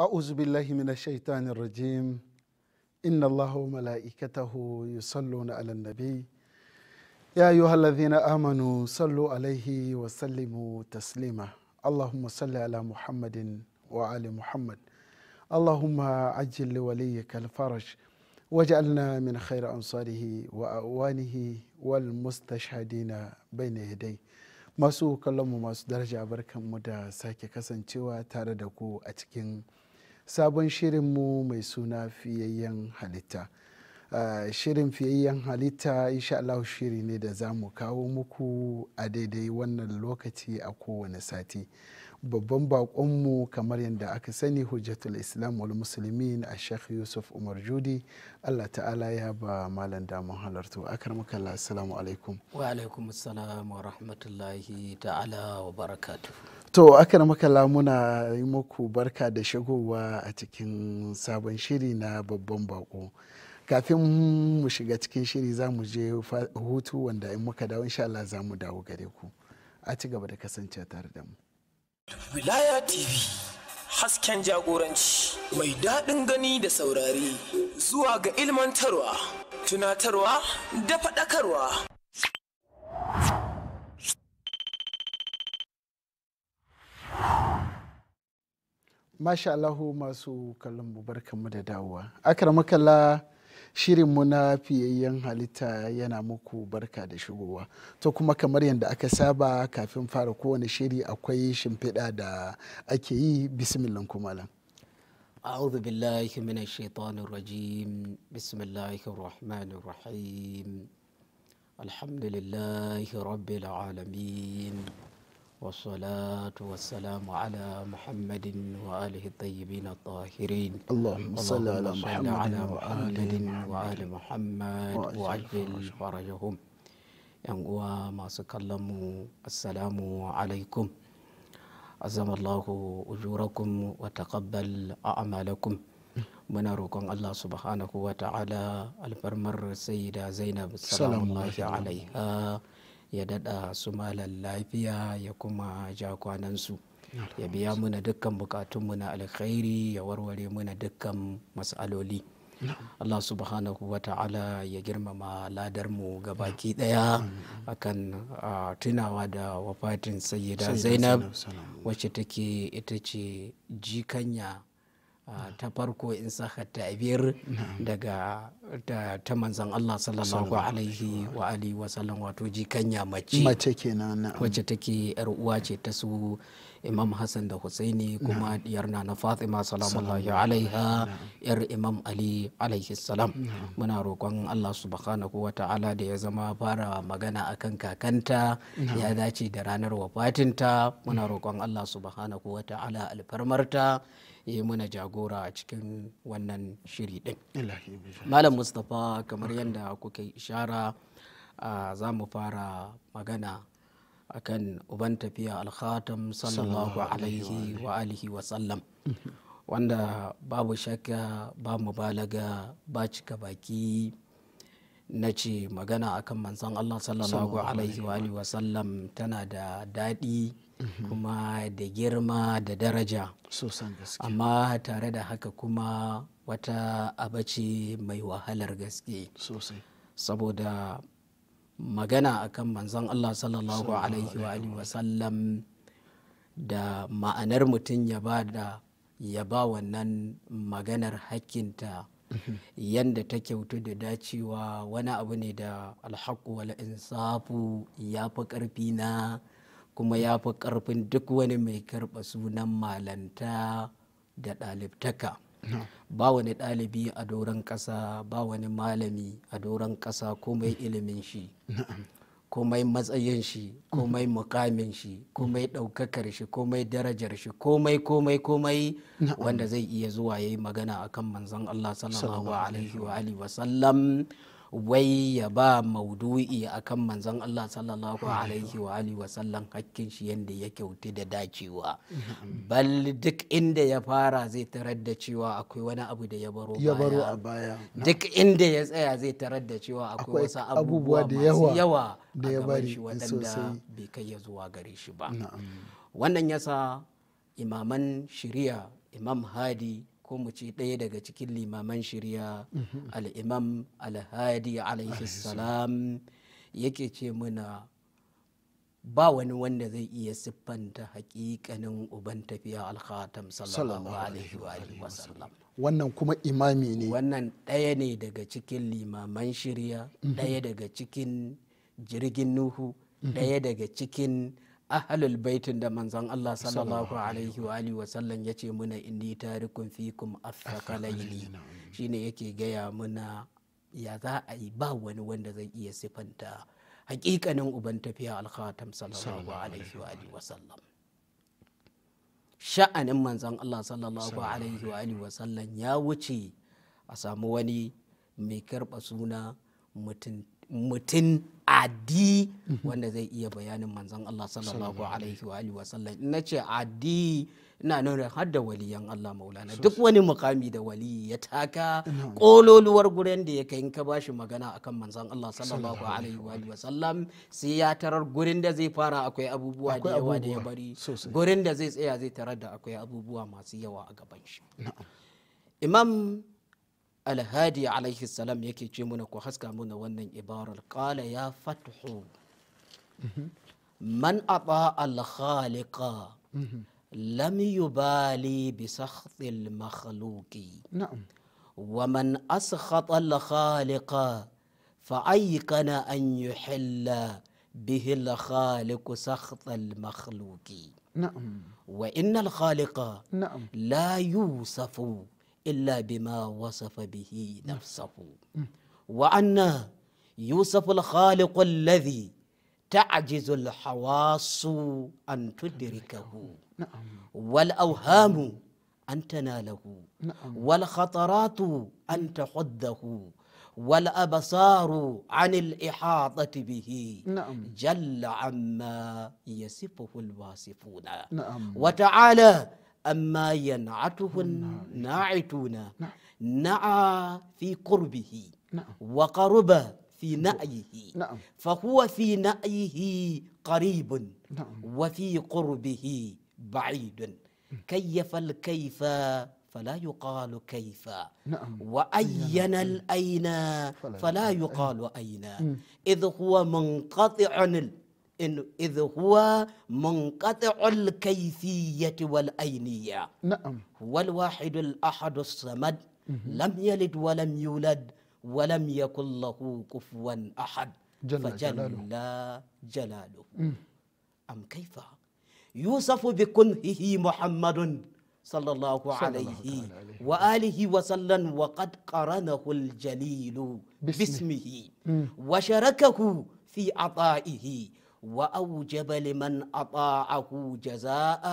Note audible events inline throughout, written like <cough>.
أعوذ بالله من الشيطان الرجيم إن الله وملائكته يصلون على النبي يا أيها الذين آمنوا صلوا عليه وسلموا تسليما اللهم صل على محمد وآل محمد اللهم عجل لوليك الفرج واجعلنا من خير أنصاره وأوانه والمستشهدين بين يديه masu kallonmu masu daraja barkanmu da sake kasancewa tare da ku a cikin sabon shirin mu mai suna fiyayyen halitta uh, shirin fiyayyen halitta insha Allah shiri ne da za mu kawo muku a daidai wannan lokaci a kowane sati babban bakonmu kamar yadda aka sani hujjatul islam wal musulmin a sheikh yusuf umar judi allah ta'ala ya ba malam damar halartu a makalla assalamu alaikum wa alaikum assalam wa rahmatullahi ta'ala wa barakatu. To, aka makala muna yi muku barka da shigowa a cikin sabon shiri na babban bako. Kafin mu shiga cikin shiri za mu je hutu wanda in muka dawo insha Allah za mu dawo gare ku. A ci gaba da kasance tare da mu. Wilaya TV hasken jagoranci mai daɗin gani da saurari zuwa ga ilmantarwa, tunatarwa da faɗakarwa. Masha Allahu masu kallon mu barkanmu da dawowa. Akaramakalla shirinmu na fiyayyen halitta yana muku barka da shigowa. To kuma kamar yadda aka saba kafin fara kowane shiri akwai shimfiɗa da ake yi bismillah kumalan. أعوذ بالله من الشيطان الرجيم بسم الله الرحمن الرحيم الحمد لله رب العالمين والصلاة والسلام على محمد وآله الطيبين الطاهرين اللهم صل على محمد على محمد وآل محمد وعجل فرجهم ينقوى ما سكلموا السلام عليكم أزم الله أجوركم وتقبل أعمالكم muna roƙon Allah subhanahu wa ta'ala alfarmar sayyida Zainab salamullahi alaiha ya dada su malam lafiya ya kuma ja kwanansu ya biya muna dukkan bukatunmu na alkhairi ya warware muna dukkan matsaloli Allah subhanahu wa ta'ala ya girmama ladar ladarmu baki daya akan tunawa da wafatin sayyida zainab wacce take ita ce jikanya Ah, ta farko in saka tabir daga ta manzan Allah sallallahu alaihi wa alihi wa sallam wato jikanya mace mace kenan wacce take yar uwa ce ta su Imam Hassan da Husaini kuma diyar na Fatima sallallahu alaiha yar Imam Ali alaihi salam muna roƙon Allah subhanahu wa ta'ala da ya zama fara magana akan kakanta ya dace da ranar wafatinta muna roƙon Allah subhanahu wa ta'ala alfarmarta yi mana jagora a cikin wannan shiri din malam mustapha kamar yadda kuka ishara za mu fara magana a kan uban tafiya alkhatam sallallahu alaihi wa alihi wa sallam <laughs> wanda babu shakka ba mu balaga ba cika baki na ce magana akan manzon Allah sallallahu alaihi wa sallam tana da daɗi kuma da girma da daraja amma tare da haka kuma wata abace mai wahalar gaske saboda magana akan manzon Allah sallallahu alaihi wa wasallam da ma'anar mutum ya ba da ya ba wannan maganar hakkinta mhm. yadda ta kyautu da dacewa wani abu ne da alhaku wal insafu ya fi ƙarfi na kuma ya fi ƙarfin duk wani mai karɓa sunan malanta da ɗalibtaka ba wani ɗalibi a doron ƙasa ba wani malami a doron ƙasa komai ilimin shi komai matsayin shi komai mm-hmm. mukamin shi mm-hmm. komai ɗaukakar shi komai darajar shi komai komai komai wanda zai iya zuwa ya yi magana akan manzon Allah sallallahu alaihi wa sallam wai ya ba maudu'i akan manzon Allah sallallahu alaihi wa alihi wa sallam hakkin shi yanda ya kyauti da dacewa bal duk inda ya fara zai tarar da cewa akwai wani abu da ya baro a baya duk inda ya tsaya zai tarar da cewa akwai wasu abubuwa da yawa da ya bari waɗanda bai kai ya zuwa gare shi ba wannan yasa imaman shari'a imam hadi ko mu ce ɗaya daga cikin limaman shirya al'imam alhadi alaihi salam yake ce muna ba wani wanda zai iya siffanta hakikanin uban tafiya alhatam sallallahu alaihi wa sallam. wannan kuma imami ne wannan ɗaya ne daga cikin limaman shirya mhm. ɗaya daga cikin jirgin nuhu mhm. ɗaya daga cikin ahalul baitin da manzon Allah sallallahu alaihi wa alihi wa sallam yace muna inni tarikun fikum afqalaini shine yake gaya muna ya za a yi ba wani wanda zai iya sifanta hakikanin uban tafiya alkhatam sallallahu alaihi wa alihi wa sallam sha'anin manzon Allah sallallahu alaihi wa alihi wa sallam ya wuce a samu wani mai karba suna mutum adi mhm. wanda zai iya bayanin manzon Allah sallallahu alaihi wa alihi sallam na ce adi ina nuna har da waliyan Allah maulana duk wani mukami da wali ya taka kololuwar gurin da ya kai in ka bashi magana akan manzon Allah sallallahu alaihi wa alihi sallam sai ya tarar gurin da zai fara akwai abubuwa da yawa da ya bari gurin da zai tsaya zai tarar da akwai abubuwa masu yawa a gaban shi imam الهادي عليه السلام يكي جيمونا كو خسكا مونا ونن إبارة قال يا فتح من أطاع الخالق لم يبالي بسخط المخلوق نعم ومن أسخط الخالق فأيقن أن يحل به الخالق سخط المخلوق نعم وإن الخالق نعم لا يوصف نعم. إلا بما وصف به نفسه وأن يوصف الخالق الذي تعجز الحواس أن تدركه نعم. والأوهام أن تناله نعم. والخطرات أن تحده والأبصار عن الإحاطة به نعم. جل عما يصفه الواصفون نعم. وتعالى أما ينعته نعم. الناعتون نعم. نعى في قربه نعم. وقرب في نأيه نعم. فهو في نأيه قريب نعم. وفي قربه بعيد كيف الكيف فلا يقال كيف نعم. وأين الأين فلا يقال أين إذ هو منقطع إن إذ هو منقطع الكيفية والأينية نعم هو الواحد الأحد الصمد لم يلد ولم يولد ولم يكن له كفوا أحد جل فجل جلاله, جلاله. أم كيف يوصف بكنهه محمد صلى الله عليه وآله وسلم وقد قرنه الجليل باسمه وشركه في عطائه وأوجب لمن أطاعه جزاء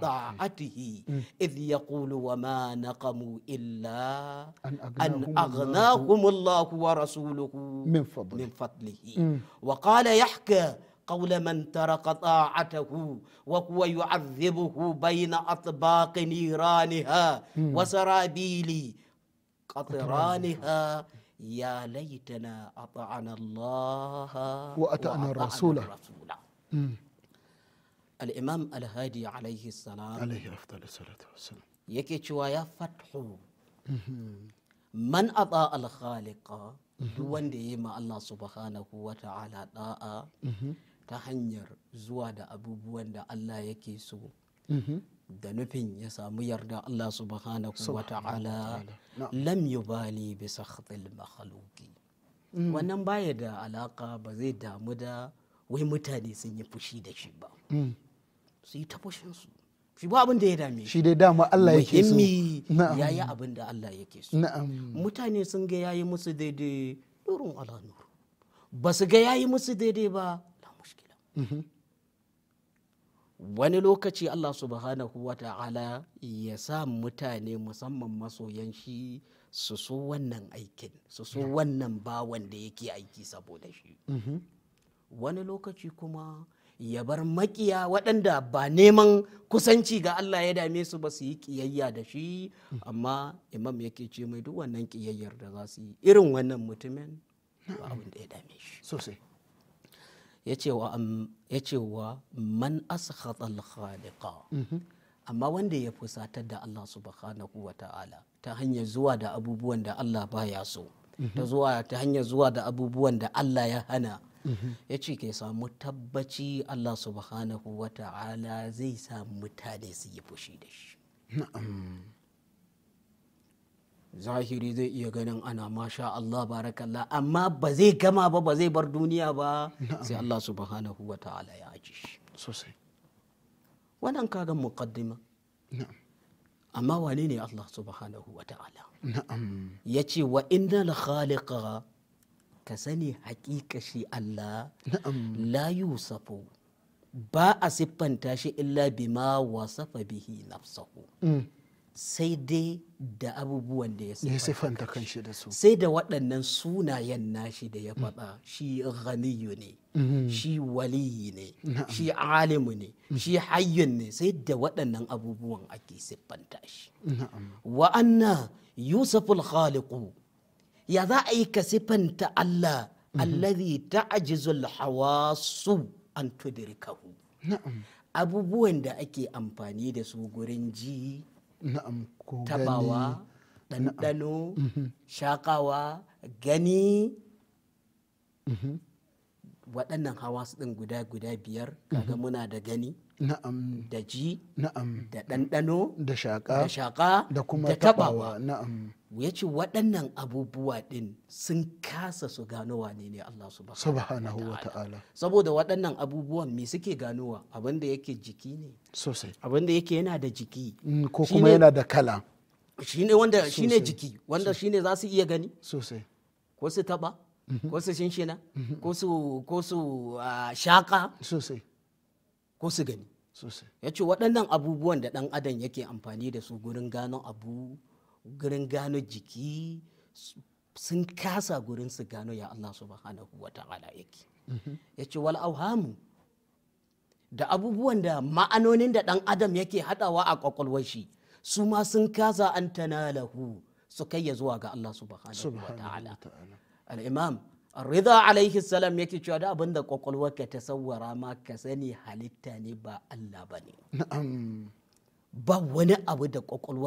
طاعته إذ يقول وما نقموا إلا أن أغناهم الله ورسوله من فضله, من فضله وقال يحكى قول من ترك طاعته وهو يعذبه بين أطباق نيرانها وسرابيل قطرانها يا ليتنا أطعنا الله وأتأنا الرسول الإمام الهادي عليه السلام عليه أفضل الصلاة والسلام يكتشوا يا فتح من أطاع الخالق وندي ما الله سبحانه وتعالى طاعة تهنير زواد أبو بوند الله يكيسو da nufin ya samu yarda Allah subhanahu wa ta'ala lam yubali bi sakhatil makhluqi mm. wannan baya da alaka ba zai damu da wai mutane sun yi fushi da shi ba mm. su yi ta fushin su shi ba abin da ya dame shi dai dama Allah yake so muhimmi yayi abin da Allah yake so mutane sun ga yayi musu daidai nurun ala nur ba su ga yayi musu daidai ba la mushkila mm-hmm. wani lokaci allah subhanahu wa ta'ala ya sa mutane musamman masoyan shi su so wannan aikin su so wannan bawan da yake aiki saboda shi mm-hmm. wani lokaci kuma ya bar makiya waɗanda ba neman kusanci ga Allah ya dame su ba su yi ƙiyayya da shi mm. amma imam yake ce mai duk wannan ƙiyayyar da za su yi irin wannan mutumin ba abin ya dame shi sosai ya ce wa man askhata al-khaliqa mhm. amma wanda ya fusatar da Allah subhanahu wa ta'ala ta hanyar zuwa da abubuwan da Allah baya so ta mhm. zuwa ta hanyar zuwa da abubuwan da Allah ya hana mhm. ya ce ke samu tabbaci Allah subhanahu wa ta'ala zai sa mutane su yi fushi da shi zahiri zai iya ganin ana masha Allah barakallah amma ba zai gama ba ba zai bar duniya ba sai Allah subhanahu wa ta'ala ya aji shi sosai wannan kagan muqaddima amma wane ne Allah subhanahu wa ta'ala ya ce wa innal khaliqa ka sani hakika shi Allah la yusafu ba a siffanta shi illa bima wasafa bihi nafsahu mm. sai dai da abubuwan da ya siffanta kan shi da su sai da waɗannan sunayen nashi da ya faɗa shi ghaniyu ne mm-hmm. shi waliyi ne shi alimu ne mm-hmm. shi hayyun ne sai da waɗannan abubuwan ake siffanta shi wa anna yusuful khaliqu ya za a yi ka siffanta Allah mm-hmm. allazi ta'jizul hawasu an tudrikahu abubuwan da ake amfani da su gurin ji tabawa ɗanɗano mhm. shakawa gani mhm. waɗannan hawa su ɗin guda guda biyar kaga mhm. muna da gani na'am da ji na'am da ɗanɗano da shaƙa da shaƙa da kuma taɓawa na'am ya ce waɗannan abubuwa ɗin sun kasa su gano wane ne Allah subhanahu wa ta'ala saboda waɗannan abubuwan me suke ganowa abinda yake jiki ne sosai abinda yake yana da jiki mm, ko kuma yana da kala shine wanda shine jiki wanda shine za su iya gani sosai ko su taɓa mm-hmm. ko su shinshina mm-hmm. ko su ah, shaƙa sosai ko su gani ya ce waɗannan abubuwan da ɗan adam yake amfani da su gurin gano abu gurin gano jiki sun kasa gurin su gano ya Allah subhanahu wa ta'ala yake mhm. ya ce wal da abubuwan da ma'anonin da ɗan adam yake haɗawa a ƙwaƙwalwar shi su ma sun kasa an lahu su kai ya zuwa ga Allah subhanahu wa ta'ala al-imam rida alaihi salam yake cewa da abin abinda ka ta sawwara ma ka sani halitta ne ba Allah ba ne ba wani abu da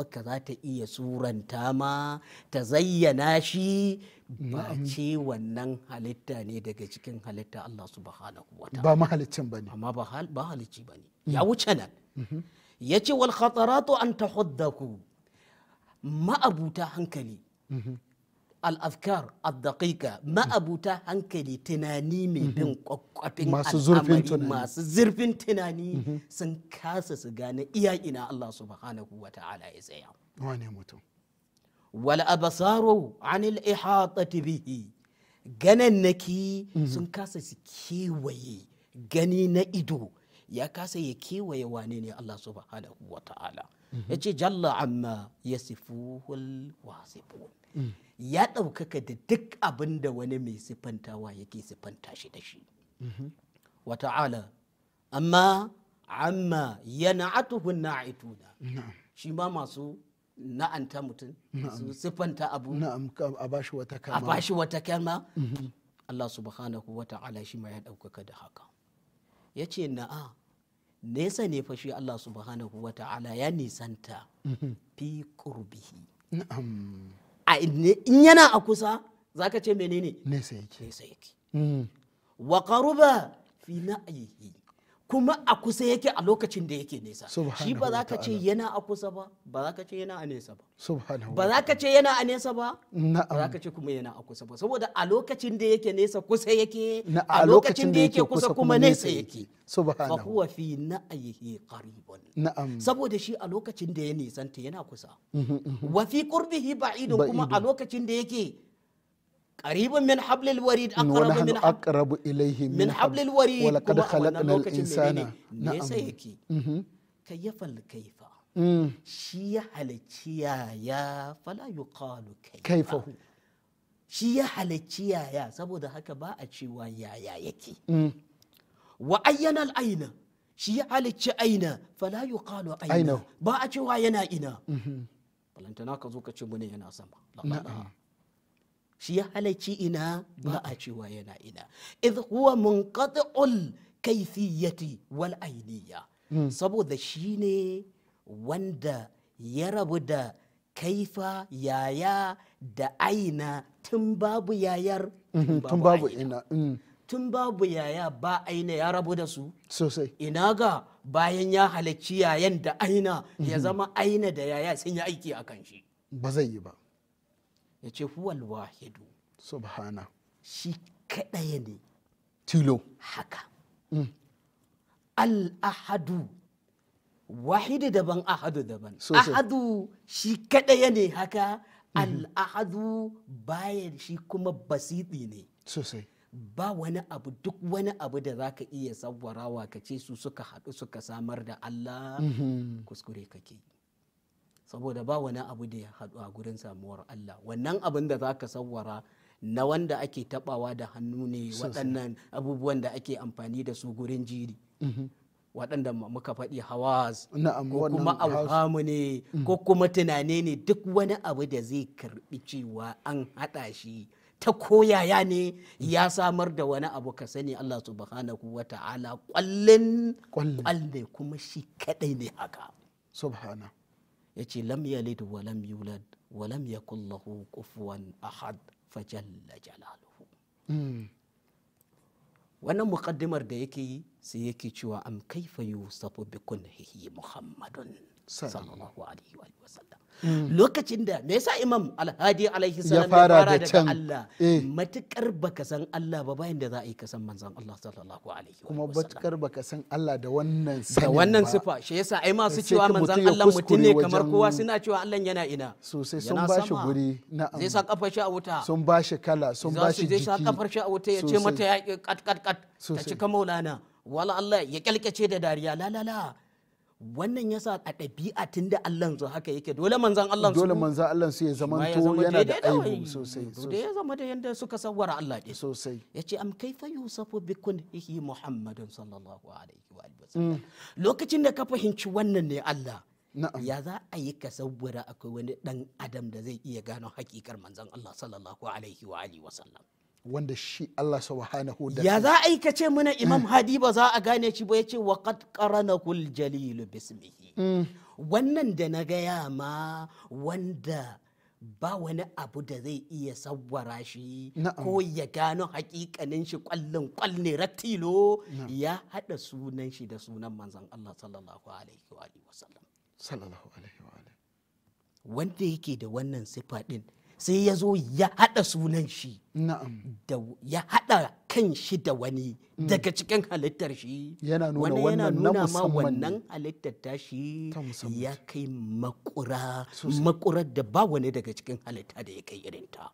ka za ta iya suranta ma ta zayyana shi ba ce wannan halitta ne daga cikin halitta Allah subhanahu ba mahalicin amma ba halicci ba ne mm. ya wuce nan mm-hmm. ya ce wal khataratu an ta ku ma'abuta hankali mm-hmm. al'afkar addaƙiƙa ma'abuta hankali tunani mai mhm. bin kwakwafin al'amari masu zurfin tunani mhm. sun kasa su gane iya ina Allah subhanahu wa ta'ala ya tsaya wane mutum wal abasaru anil ihatati bihi ganannaki mhm. sun kasa su kewaye gani na ido ya kasa ya kewaye wane ne Allah subhanahu wa ta'ala ce jalla amma sifuhul wasifu mm. ya ɗaukaka da duk abin da wani mai siffantawa yake siffanta shi da shi mhm. ala amma amma yana atuhun aituna shi ma masu na'anta mutum su siffanta abu a bashi wata kama a bashi wata kama mhm. Allah subhanahu wa ta'ala shi ma ya ɗaukaka da haka ya ce na'a nesa ne fa shi Allah subhanahu wa ta'ala ya nisanta mhm. fi ƙurbihi in yana a kusa za ka ce menene nesa yake yake wa ƙaruba fi kuma a kusa yake a lokacin da yake nesa shi ba za ka ce yana a kusa ba ba za ka ce yana a nesa ba ba za ka ce yana a nesa ba ba za ka ce kuma yana a kusa ba saboda a lokacin da yake nesa kusa yake a lokacin da yake kusa kuma nesa yake fa huwa fi na'yihi qaribun saboda shi a lokacin da ya nisanta yana kusa mhm, mhm. wa fi qurbihi ba'idun kuma a lokacin da yake qaribun min hablil warid aqrabu min aqrabu ilayhi min hablil insana shi ya yaya saboda haka ba a yake wa ayyana cewa yana ina balantana ka zo ka yana sama shi ya halarci ina ba a cewa yana ina idh huwa munqati'ul kaifiyati wal ainiya hmm. saboda shine wanda ya rabu da kaifa yaya da aina tun babu yayar tun mhm, babu ina hmm. tun babu yaya ba aina ya rabu da su sosai ina ga bayan ya halarci yayan da aina ya mhm. zama aina da yaya sun yi aiki a kan shi ba zai yi ba ya ce huwal wahidu subhana shi kaɗaya ne tilo haka mm. al-ahadu wahidu daban ahadu daban ahadu shi kaɗaya ne haka mm-hmm. al-ahadu bayan shi kuma basiti ne sosai ba wani abu duk wani abu da za ka iya sabwarawa ka ce su suka haɗu suka samar da Allah mm-hmm. kuskure kake yi saboda ba wani abu da ya haɗu a gurin samuwar Allah wannan abin da za ka sawwara na wanda ake tabawa da hannu ne waɗannan abubuwan da ake amfani da su gurin jiri mm-hmm. waɗanda muka faɗi hawas ko kuma alhamu ne mm. ko kuma tunane ne duk wani abu da zai karɓi cewa an haɗa shi ta koyaya ne ya samar da wani abu ka sani Allah subhanahu wa ta'ala kwallin kwallin kuma shi kadai ne haka subhana ya ce lam yalid wa lam yulad wa lam yakul lahu kufuwan ahad fa jalla jalaluhu hmm. wannan muqaddimar da yake yi sai yake cewa am kaifa yusafu bi kunhihi muhammadun sallallahu alaihi wa sallam Mm. lokacin da me yasa imam alhadi alaihi salam ya fara daga Allah eh. matukar baka san Allah ba bayan da za a yi kasan manzon Allah sallallahu alaihi kuma matukar baka san Allah da wannan da wannan sifa shi yasa ai masu cewa manzon Allah mutum ne kamar kowa suna cewa Allah yana ina sosai sun bashi guri na'am zai sa kafar shi a wuta sun bashi kala sun bashi jiki zai sa kafar shi a wuta ya ce mata ya kat kat kat ta cika maulana wala Allah ya kalkace da dariya la la la wannan ya sa a ɗabi'a tun da Allah zo haka yake dole manzan Allah dole manzan Allah su ya zama to yana da aibu sosai da ya zama da yanda suka sawara Allah ɗin sosai ce am kaifa yusafu bikun hihi muhammadun sallallahu alaihi wa mm. sallam lokacin da ka fahimci wannan ne Allah ya za a yi ka sawara akwai wani dan adam da zai iya gano hakikar manzan Allah sallallahu alaihi wa wa sallam wanda shi Allah subhanahu da ya za a yi kace muna imam mm. hadi ba za a gane shi ba ya ce wa qad qaranakul jalil bismihi mm. wannan da na gaya ma wanda ba wani abu da zai iya sawwara shi ko ya gano hakikanin shi kwallon kwalle ratilo ya hada sunan shi da sunan manzon Allah sallallahu alaihi wa sallam sallallahu alaihi wa wanda yake da wannan sifa din sai ya zo ya haɗa sunan shi ya haɗa kan shi da wani daga cikin halittar shi yana nuna ma wannan halittar ta shi ya kai makura makura da ba wani daga cikin halitta da ya kai irinta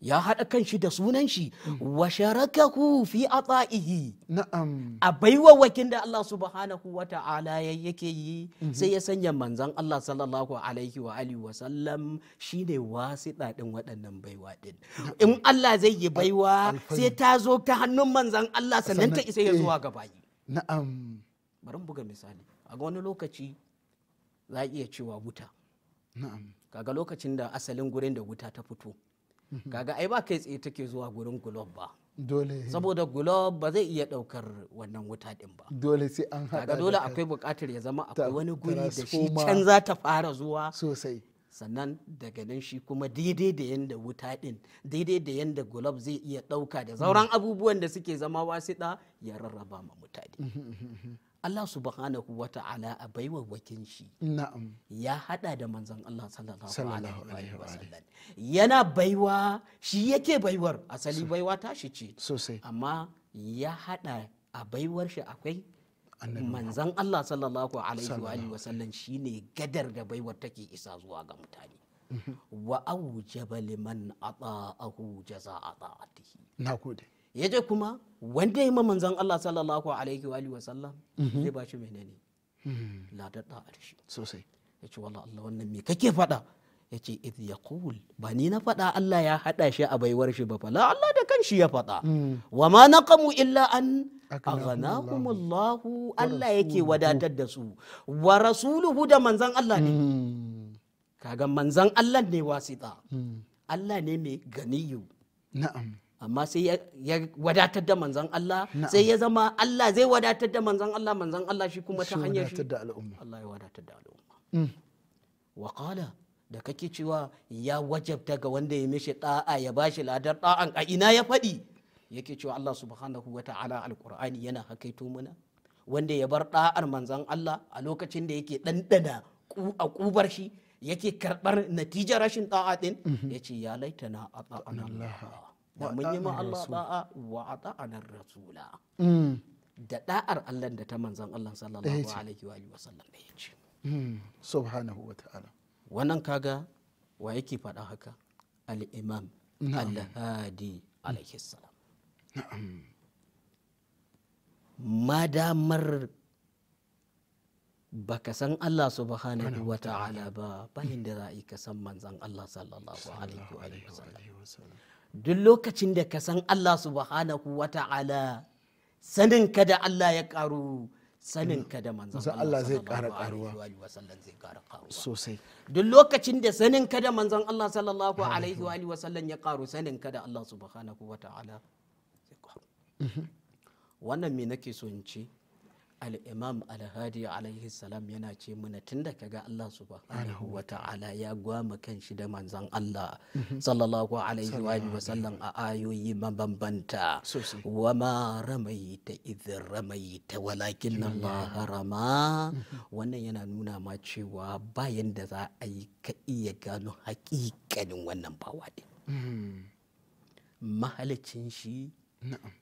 ya haɗa kan shi da sunan shi wa sharakahu fi ata'ihi na'am a baiwa wakin da Allah subhanahu wa ta'ala yake yi mhm. sai ya sanya manzon Allah sallallahu alaihi wa alihi wa sallam shine wasita din waɗannan baiwa din in Allah zai yi baiwa sai ta zo ta hannun manzon Allah sannan ta isa ya eh. zuwa ga bayi na'am bari buga misali a ga wani lokaci za iya cewa wuta na'am kaga lokacin da asalin gurin da wuta ta fito <laughs> kaga ai ba kai tsaye take zuwa gurin gulob ba dole saboda gulob ba zai iya daukar wannan wuta din ba dole sai an hada kaga dole akwai bukatar ya zama akwai wani guri da shi can za ta fara zuwa sosai sannan daga nan shi kuma daidai da yadda wuta din daidai da yanda gulob zai iya dauka da sauran <laughs> abubuwan da suke zama wasiɗa ya rarraba ma mutane <laughs> Allah subhanahu wa ta'ala a baiwa wakin shi na'am ya hada da manzon Allah sallallahu alaihi wa sallam yana baiwa shi yake baiwar asali baiwa tashi ce sosai amma ya hada a baiwar shi akwai manzan Allah sallallahu alaihi wa sallam shine gadar da baiwar take isa zuwa ga mutane mhm. wa aujaba liman ata'ahu jaza'a ta'atihi nagode yaje kuma wanda ya manzan Allah sallallahu alaihi wa sallam mhm. zai ba shi menene mhm. ladadda a shi sosai ya ce wallah Allah wannan me kake faɗa ya ce idh yaqul ba ni na faɗa Allah ya haɗa shi a baiwar shi ba fa la Allah da kanshi ya faɗa mm. wa ma naqamu illa an aghnahum Allah Allah yake wadatar da su wa rasuluhu da manzan Allah ne mm. kaga manzan Allah ne wasita mm. Allah ne mai ganiyu na'am amma sai ya wadatar da manzan Allah sai ya zama Allah zai wadatar da manzan Allah manzan Allah shi kuma ta hanyar shi Allah ya wadatar da al'umma mm. wa qala da kake cewa ya wajabta ga wanda ya mishi da'a ya bashi ladar da'an a ina ya faɗi yake cewa Allah subhanahu wa ta'ala alqur'ani yana hakaito mana wanda ya bar da'ar manzan Allah a lokacin da yake ɗanɗana a kubar shi yake karɓar natijar rashin da'a din mm-hmm. yace ya laitana a Allah da mun yi ma Allah da'a wa ata'anar rasula mm. da da'ar Allah da ta manzan Allah sallallahu eh alaihi wa sallam da ya mm. subhanahu wa ta'ala wannan kaga wa yake faɗa haka al-imam al-hadi alaihi salam madamar ka san Allah subhanahu wa ta'ala ba bayan da za a yi ka san manzan Allah sallallahu alaihi wa sallam duk lokacin da ka san Allah subhanahu wa ta'ala sanin ka da Allah ya karu sanin ka da manzon Allah zai kara karuwa sosai duk lokacin da sanin ka da manzon Allah sallallahu alaihi wa alihi wasallam ya karu sanin ka da Allah subhanahu wa ta'ala mhm. wannan me nake so in ce al'imam alhadi alaihi salam yana ce muna tun da kaga Allah subhanahu wa ta'ala ya gwama kan shi da manzan Allah mhm. sallallahu alaihi wa sallam a ayoyi mabambanta wa ma ramai idin ramai ta walakin ba harama. Mhm. wannan yana nuna ma cewa bayan da za a yi ka iya gano hakikanin wannan bawa din mhm. mahalicin shi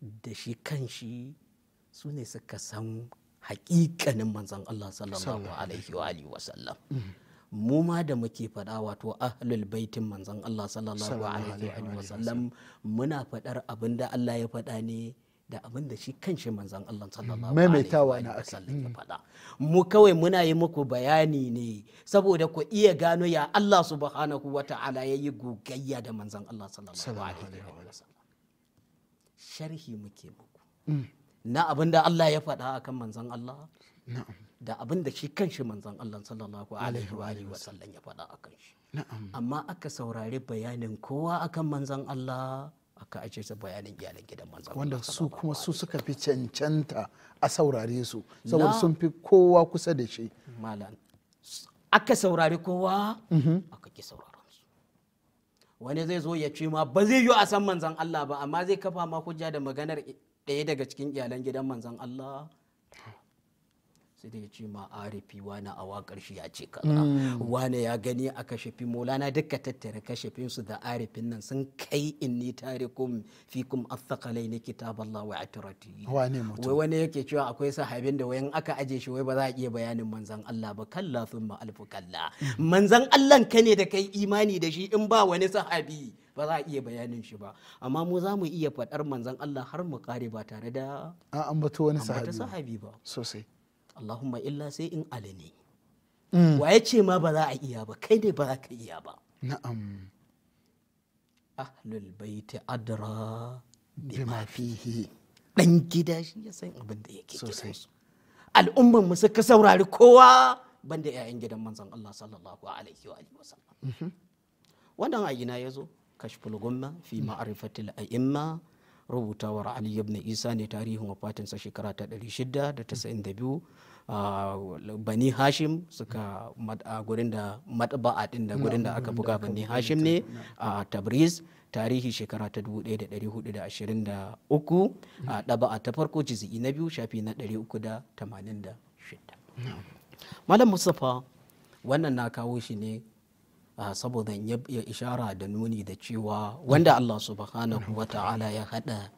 da shi kan shi su ne suka san haƙiƙanin manzon Allah sallallahu alaihi wa alihi wa sallam mm. mu ma da muke faɗa wato ahlul baitin manzon Allah sallallahu alaihi wa sallam muna faɗar abin da Allah ya faɗa ne da abin da shi kanshi manzon Allah mm. sallallahu alaihi wa sallam ya mm. faɗa mu kawai muna yi muku bayani ne saboda ku iya gano ya Allah subhanahu wa ta'ala yayi gogayya da manzon Allah sallallahu alaihi wa sallam sharhi muke muku na abin da Allah ya faɗa akan manzan Allah da abin da shi kanshi manzan Allah sallallahu alaihi wa sallam ya faɗa a shi amma aka saurari bayanin kowa akan manzan Allah aka ajiye su bayanin iyalan gidan manzan Allah. wanda su kuma su suka fi cancanta a saurare su saboda sun fi kowa kusa da shi malam aka saurari kowa mhm. aka ki sauraron su wani zai zo ya ce ma ba zai yi a san manzan Allah ba amma zai kafa ma hujja da maganar ɗaya daga cikin iyalan gidan manzan Allah sai da ya ce ma arifi wani a waƙar shi ya ce kaza hmm. wani ya gani a kashe fi na duka tattara kashefin su da arifin nan sun kai in ni inni fi fikum asakalai na kitab Allah wa atirati wai wani yake cewa akwai sahabin da wayan aka aje shi wai ba za a iya bayanin manzan Allah ba kalla sun alfu kalla hmm. manzan Allah ka ne da kai imani da shi in ba wani sahabi ba za a iya bayanin shi ba amma mu za mu iya faɗar manzan Allah har mu kare ba tare da A ambato wani sahabi ba sosai Allahumma illa sai in alani mm. wa ya ce ma ba za a iya ba kai ne ba za ka iya ba na'am ahlul baiti adra bima fihi dan gida shi ya san abin da yake sosai al'umman mu suka saurari kowa banda 'ya'yan gidan manzon Allah sallallahu alaihi wa sallam mhm. wannan a ina ya zo kashful gumma fi ma'rifatil a'imma rubutawar Ali ibn Isa ne tarihin sa shekara ta 692 ah, bani hashim suka ah, gurin da a din da gurin da aka buga bani hashim ne a tabriz tarihi shekara ta 1423 a ah, ɗaba'a ta farko jizi na biyu shafi na 386 malam mustapha wannan na kawo shi ne saboda ya ishara da nuni da cewa wanda Allah subhanahu wa ta'ala ya hada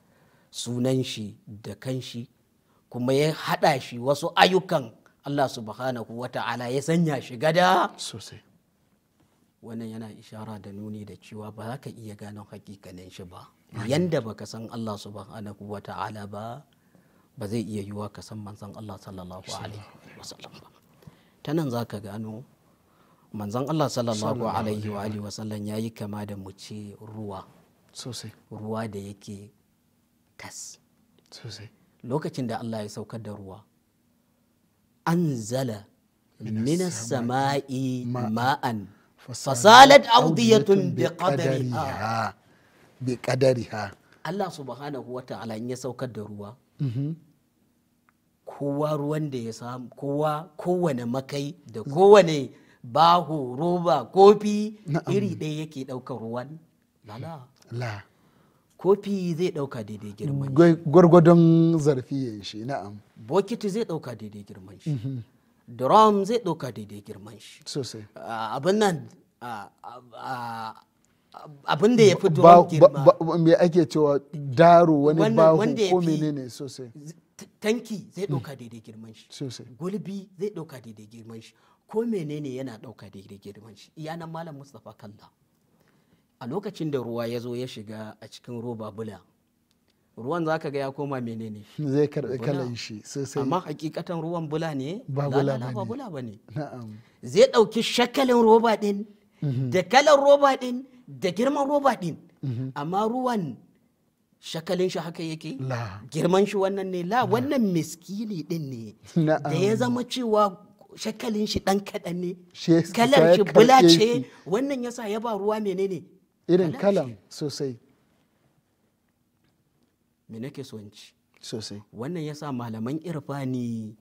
sunan shi da kanshi kuma ya hada shi wasu ayyukan Allah subhanahu wa ta'ala ya sanya shi gada sosai wannan yana ishara da nuni da cewa ba za ka iya gano hakikanin shi ba yanda baka san Allah subhanahu wa ta'ala ba ba zai iya yiwa ka san manzon Allah sallallahu alaihi wasallam ba ta nan za ka gano manzon Allah sallallahu alaihi wa alihi wasallam ya yi kama da mu ce ruwa sosai ruwa da yake kas. sosai lokacin da Allah ya saukar da ruwa anzala minas sama'i ma'an fasalat awdiyatun biqadariha biqadariha Allah subhanahu wa ta'ala ya saukar da ruwa mm-hmm. kowa ruwan da ya samu kowa kowane makai da kowane baho roba kofi iri ɗaya yake ɗaukar ruwan lala la kofi zai ɗauka daidai girman shi gwargwadon zarfiyan shi na'am bokiti zai ɗauka daidai girman shi mhm. drum zai ɗauka daidai girman shi sosai abin nan abin da ya fi drum girma me ake cewa daro wani bahu ko menene sosai tanki zai ɗauka mm. daidai girman shi gulbi zai ɗauka daidai girman shi ko menene yana ɗauka daidai girman shi iyanan malam mustapha kalla a lokacin da ruwa ya zo ya shiga a cikin roba bula ruwan za ka ga ya koma menene zai karɓi kalan shi sosai amma hakikatan ruwan bula ne ba bula ba ne zai ɗauki shakalin roba ɗin mhm. da kalan roba ɗin da girman roba ɗin mhm. amma ruwan shakalin shi haka yake girman shi wannan ne la wannan miskili ɗin ne da ya zama cewa shakalin shi dan kaɗan ne kalar shi bula ce wannan yasa ya ba ruwa menene irin kalan sosai me nake so ci sosai wannan yasa malaman irfani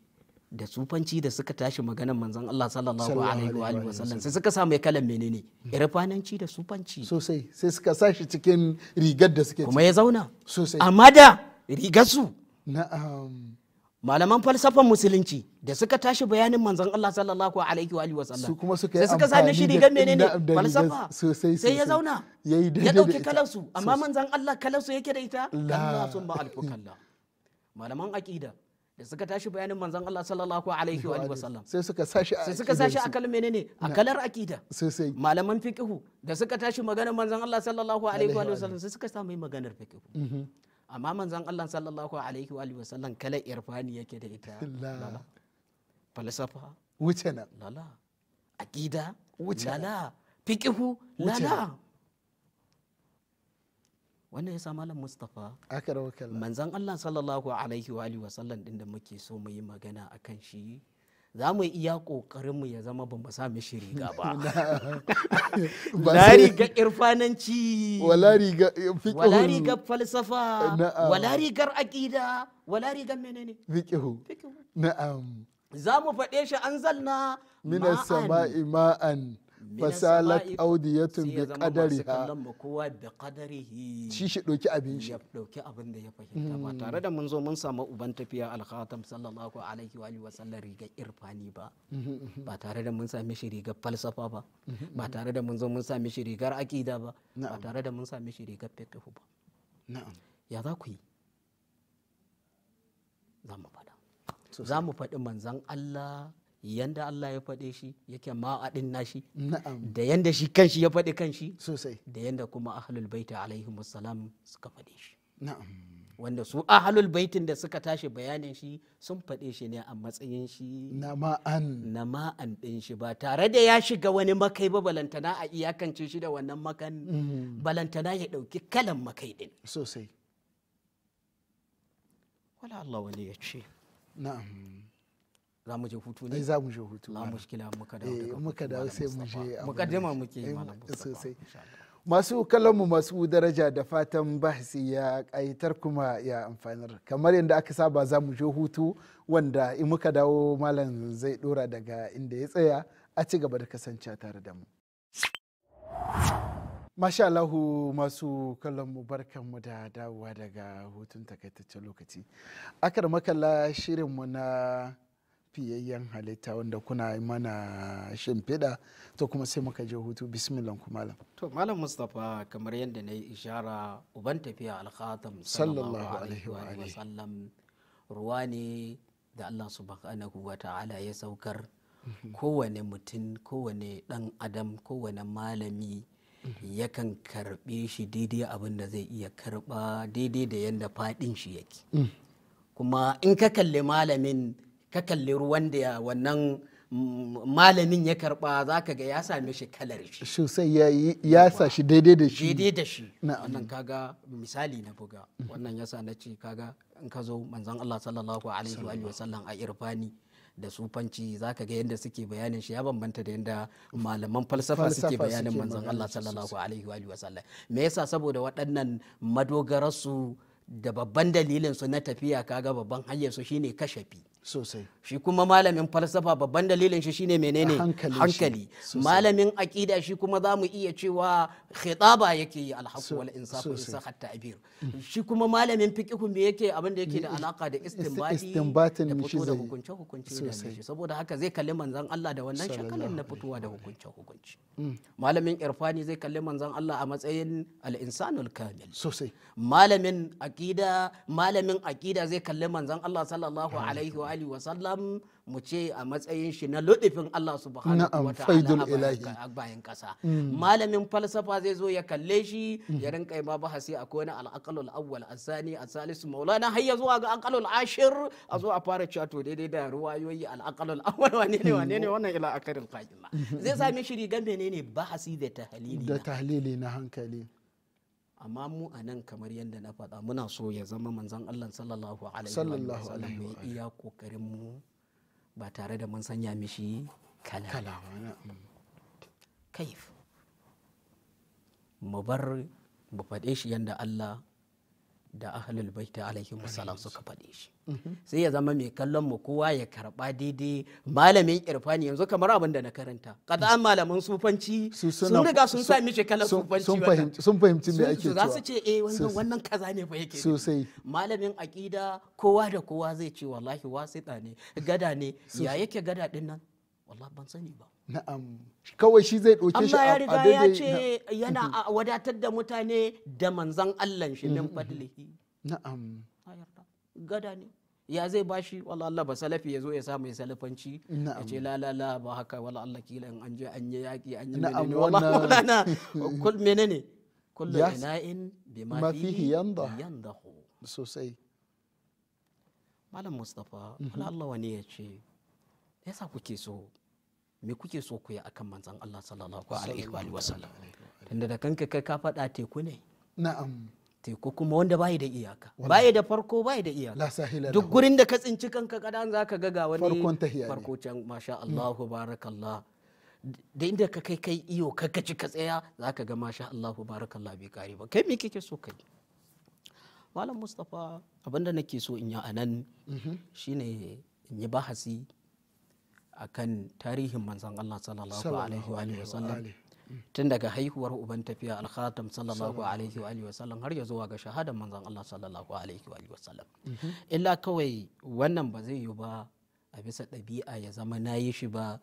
da tsufanci da suka tashi magana manzon Allah sallallahu alaihi wa alihi wasallam sai suka sa mai kalan menene irfananci da tsufanci sosai sai suka sashi cikin rigar da suke kuma ya zauna sosai amma da rigar su na'am malaman falsafan musulunci da suka tashi bayanin manzon Allah sallallahu alaihi wa alihi wasallam su kuma suka yi suka sani shi rigar menene falsafa sai ya zauna ya dauki kalarsu amma manzon Allah kalarsu yake da ita kalla sun ba alfukalla <laughs> malaman aqida da suka tashi bayanin manzon Allah sallallahu alaihi wa sallam sai suka sashi sai suka sashi akal menene akalar sai malaman fiqhu da suka tashi maganar manzon Allah sallallahu alaihi wa sallam sai suka sa mai maganar fiqhu mm-hmm. amma manzan Allah sallallahu alaihi wa alihi wasallam kala irfani yake da ita lala falsafa wuce na lala aqida wuce lala fiqhu lala wannan ya sa malam mustafa manzan Allah sallallahu alaihi wa alihi wasallam din da muke so mu yi magana akan shi za mu iya ƙoƙarinmu ya zama ba mu sa mishi riga ba <laughs> na <laughs> riga irfananci wala riga eh, wala riga falsafa wala rigar aƙida wala rigar menene Fiƙihu. na'am za mu faɗe shi an zalna minas sama'i ma'an fasalat audiyatun bi qadariha kowa da qadarihi shi shi doki abin shi ya doki abin da ya fahimta ba hmm. tare da mun zo mun samu uban tafiya alkhatam sallallahu alaihi wa alihi wa sallam riga irfani ba hmm, hmm, ba tare da mun sami shi rigar falsafa ba ba tare da mun zo mun sami shi rigar aqida ba ba tare da mun sami shi rigar fiqhu ba na'am ya za ku yi za mu faɗa za mu faɗi manzan Allah yanda Allah ya faɗe shi yake ma'adin nashi da yanda shi kanshi ya faɗi kanshi sosai da yanda kuma ahlul baiti alaihi musallam suka faɗe shi wanda su ahlul baitin da suka tashi bayanin shi sun faɗe shi ne a matsayin shi na ma'an na ma'an ɗin shi ba tare da ya shiga wani makai ba balantana a iyakance shi da wannan makan mm. balantana ya ɗauki kalan makai ɗin sosai wala Allah wani ya ce na'am za mu je hutu ne eh, za mu je hutu la mushkila muka dawo eh, muka dawo sai mu je mukaddama muke yi eh, malam sosai masu kallon mu masu daraja da fatan bahasi ya kaitar kuma ya amfanar kamar yadda aka saba za mu je hutu wanda in muka dawo malam zai dora daga inda ya tsaya a ci gaba da kasance tare da mu Masha Allahu masu barkan mu da dawowa daga hutun takaitaccen lokaci. Akar makalla mu na fiyayyen halitta wanda kuna mana shimfiɗa to kuma sai muka je hutu bismillah malam to malam mustapha kamar yadda na yi ishara uban tafiya alkhatam sallallahu alaihi wa sallam ruwa ne da Allah subhanahu wa ta'ala ya saukar mhm. kowane mutum kowane dan adam kowane malami mhm. yakan karbe shi daidai abin da zai iya karba daidai da yadda fadin shi yake mm. kuma in ka kalli malamin ka kalli ruwan da wannan malamin ya karba za ka ga ya same shi kalar shi shin sai ya ya sa shi daidai da shi daidai da shi wannan kaga misali na buga wannan ya sa na ce kaga in ka zo manzon Allah sallallahu alaihi wa sallam a irfani da sufanci za ka ga yadda suke bayanin shi ya bambanta da yadda malaman falsafa suke bayanin manzon Allah sallallahu alaihi wa sallam me yasa saboda waɗannan madogararsu da babban dalilin su na tafiya kaga babban hanyar su shine kashafi sosai shi kuma malamin falsafa babban dalilin shi shine menene hankali malamin aqida shi kuma zamu iya cewa khitaba yake yi alhaqu wal insafu hatta ta'bir shi kuma malamin fiqhu me yake abin da yake da alaka da <laughs> istinbati da fito da hukunce hukunce da shi saboda haka zai kalli manzon Allah da wannan shakalin na fitowa da hukunce hukunce mm. malamin irfani zai kalli manzon Allah a matsayin al insanul kamil sosai malamin aqida malamin aqida zai kalli manzon Allah sallallahu alaihi wa alihi wa sallam mu ce a matsayin shi na ludifin Allah subhanahu wa ta'ala bayan kasa mm. malamin falsafa zai zo ya kalle shi mm. ya rinka yi ma bahasi akwai na al-aqlul awwal asani asalis maulana har ya zuwa ga aqlul ashir a zo a fara cewa to daidai da ruwayoyi al-aqlul awwal wane ne wane ne wannan ila akarin qa'ima mm-hmm. zai sami shiri ga menene bahasi da tahlili da tahlili na hankali amma mu a nan kamar yadda na faɗa muna so ya zama manzan Allah sallallahu alaihi wa mai iya kokarin mu ba tare da mun sanya mishi kala kala kaif mu bar mu faɗe shi yadda Allah da ahlul baita alaihi musallam suka faɗe shi mhm. sai ya zama mai kallon mu kowa ya karba daidai malamin irfani yanzu kamar abin da na karanta kadan malaman sufanci sun riga sun sa mishi kalan sufanci sun fahimci me ake cewa su ce eh wannan wannan kaza ne fa yake sosai malamin aqida kowa da kowa zai ce wallahi wasita ne gada ne ya yake gada din nan wallahi ban sani ba na'am kawai shi zai ɗauke shi Allah ya riga ya ce yana mm-hmm. wadatar da mutane da manzan Allah shi min mm-hmm. fadlihi na'am gada ne ya zai bashi wala Allah ba salafi ya zo ya samu salafanci ya ce la la la ba haka wala Allah kila in an je an yi yaki an yi menene wala kul <laughs> menene kul ina'in bima fihi yandahu sosai malam mustafa wala mm-hmm. Allah wani ya ce yasa kuke so me kuke so ku yi akan manzan Allah sallallahu alaihi wa sallam tunda da kanka kai ka faɗa teku ne na'am teku kuma wanda bai da iyaka bai da farko bai da iyaka la sahila duk gurin da ka tsinci kanka kadan zaka ga ga wani farkon tahiya farko can masha Allah barakallah da inda ka kai kai iyo ka kaci ka tsaya zaka ga masha Allah barakallah bai kare ba kai me kike so kai malam Mustafa abinda nake so in yi anan mm-hmm. shine in yi bahasi akan tarihin manzon Allah sallallahu alaihi wa sallam hmm. tun daga haihuwar uban tafiya alkhatam sallallahu alaihi wa sallam har ya zuwa ga shahadar manzon Allah sallallahu alaihi wa sallam hmm. illa kawai wannan ba zai yi ba a bisa ɗabi'a ya zama nayi shi ba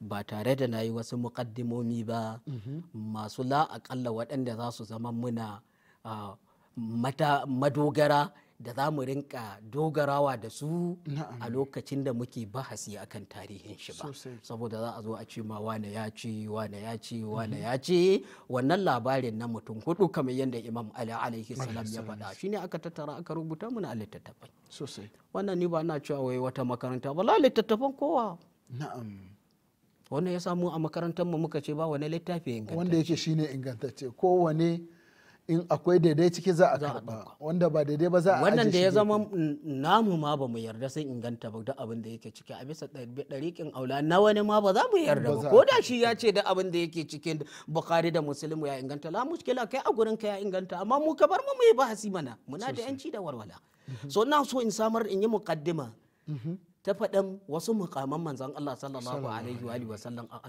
ba tare da nayi wasu muƙaddimomi ba hmm. masu la aƙalla waɗanda za su zama muna ah, mata madogara da za mu rinka dogarawa da su a lokacin da muke bahasi akan tarihin shi ba saboda za a zo a ce ma wane ya ce wane ya ce wane mm-hmm. ya ce wannan labarin na mutum hudu kamar yadda imam ali alaihi salam ya faɗa ne aka tattara aka rubuta mana a littattafai wannan ni ba na cewa wai wata makaranta ba la littattafan kowa na'am wannan ya samu a makarantar mu muka ce ba wani littafi ingantacce wanda yake shine ingantacce kowane in akwai daidai ciki za a karba wanda ba daidai ba za a wannan da ya zama namu ma ba mu yarda sun inganta ba duk abin da yake ciki a bisa dariƙin aula na wani ma ba za mu yarda ba ko da shi ya ce da abin da yake cikin bukari da musulmi ya inganta la mushkila kai a gurin ka ya inganta amma mu ka bar mu mu yi bahasi mana muna da yanci da warwala mhm. so na so in samar in yi muqaddima mhm. ta faɗin wasu mukamman manzan Allah sallallahu alaihi wa sallam a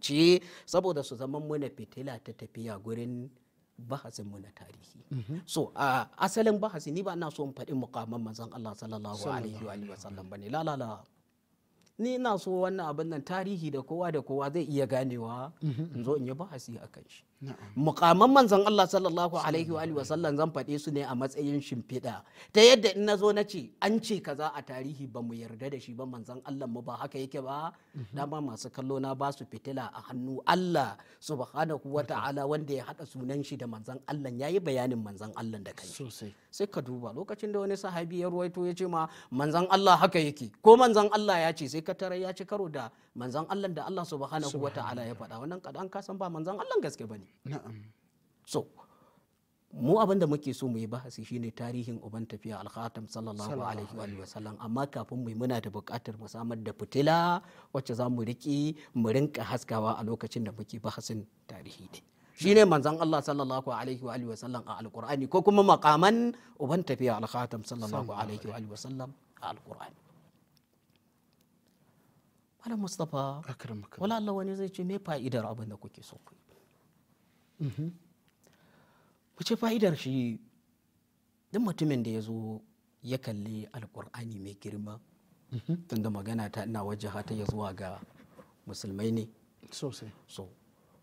ce saboda su zama muna fitila ta tafiya gurin bahasin mu na tarihi mhm. so a asalin bahasi ni ba na so in faɗi mukamman manzon Allah sallallahu alaihi wa alihi bane la la la ni na so wannan abin nan tarihi da kowa da kowa zai iya ganewa mhm. in zo in yi bahasi akan shi mukaman manzon Allah sallallahu alaihi wa alihi wasallam zan faɗe su ne a matsayin shimfiɗa ta yadda in nazo na ce an ce kaza a tarihi ba mu yarda da shi ba manzon Allah mu ba haka yake ba mhm. dama masu kallo na ba su fitila a hannu Allah subhanahu ta'ala wanda ya haɗa sunan shi da manzon Allah yayi bayanin manzon Allah da kai sosai sai ka duba lokacin da wani sahabi ya ruwaito ya ce ma manzon Allah haka yake ko manzon Allah ya ce sai ka tarar ya ci karo da manzon Allah da Allah subhanahu ta'ala ya faɗa wannan kadan ka san ba manzon Allah gaske bane na'am so mu abin da muke so mu yi bahasi shine tarihin uban tafiya alkhatam sallallahu alaihi wa sallam amma kafin mu muna da buƙatar mu samar da fitila wacce za mu riƙe mu rinka haskawa a lokacin da muke bahasin tarihi ne shine manzon Allah sallallahu alaihi wa sallam a alqur'ani ko kuma maqaman uban tafiya alkhatam sallallahu alaihi wa sallam a alqur'ani Malam Mustapha, wala Allah wani zai ce me fa'idar abin da kuke so ku yi. wace mhm. fa'idar shi duk mutumin da ya zo ya kalli alkur'ani mai girma mhm. tunda magana ta ina wajaha ta ya zuwa ga musulmai ne sosai so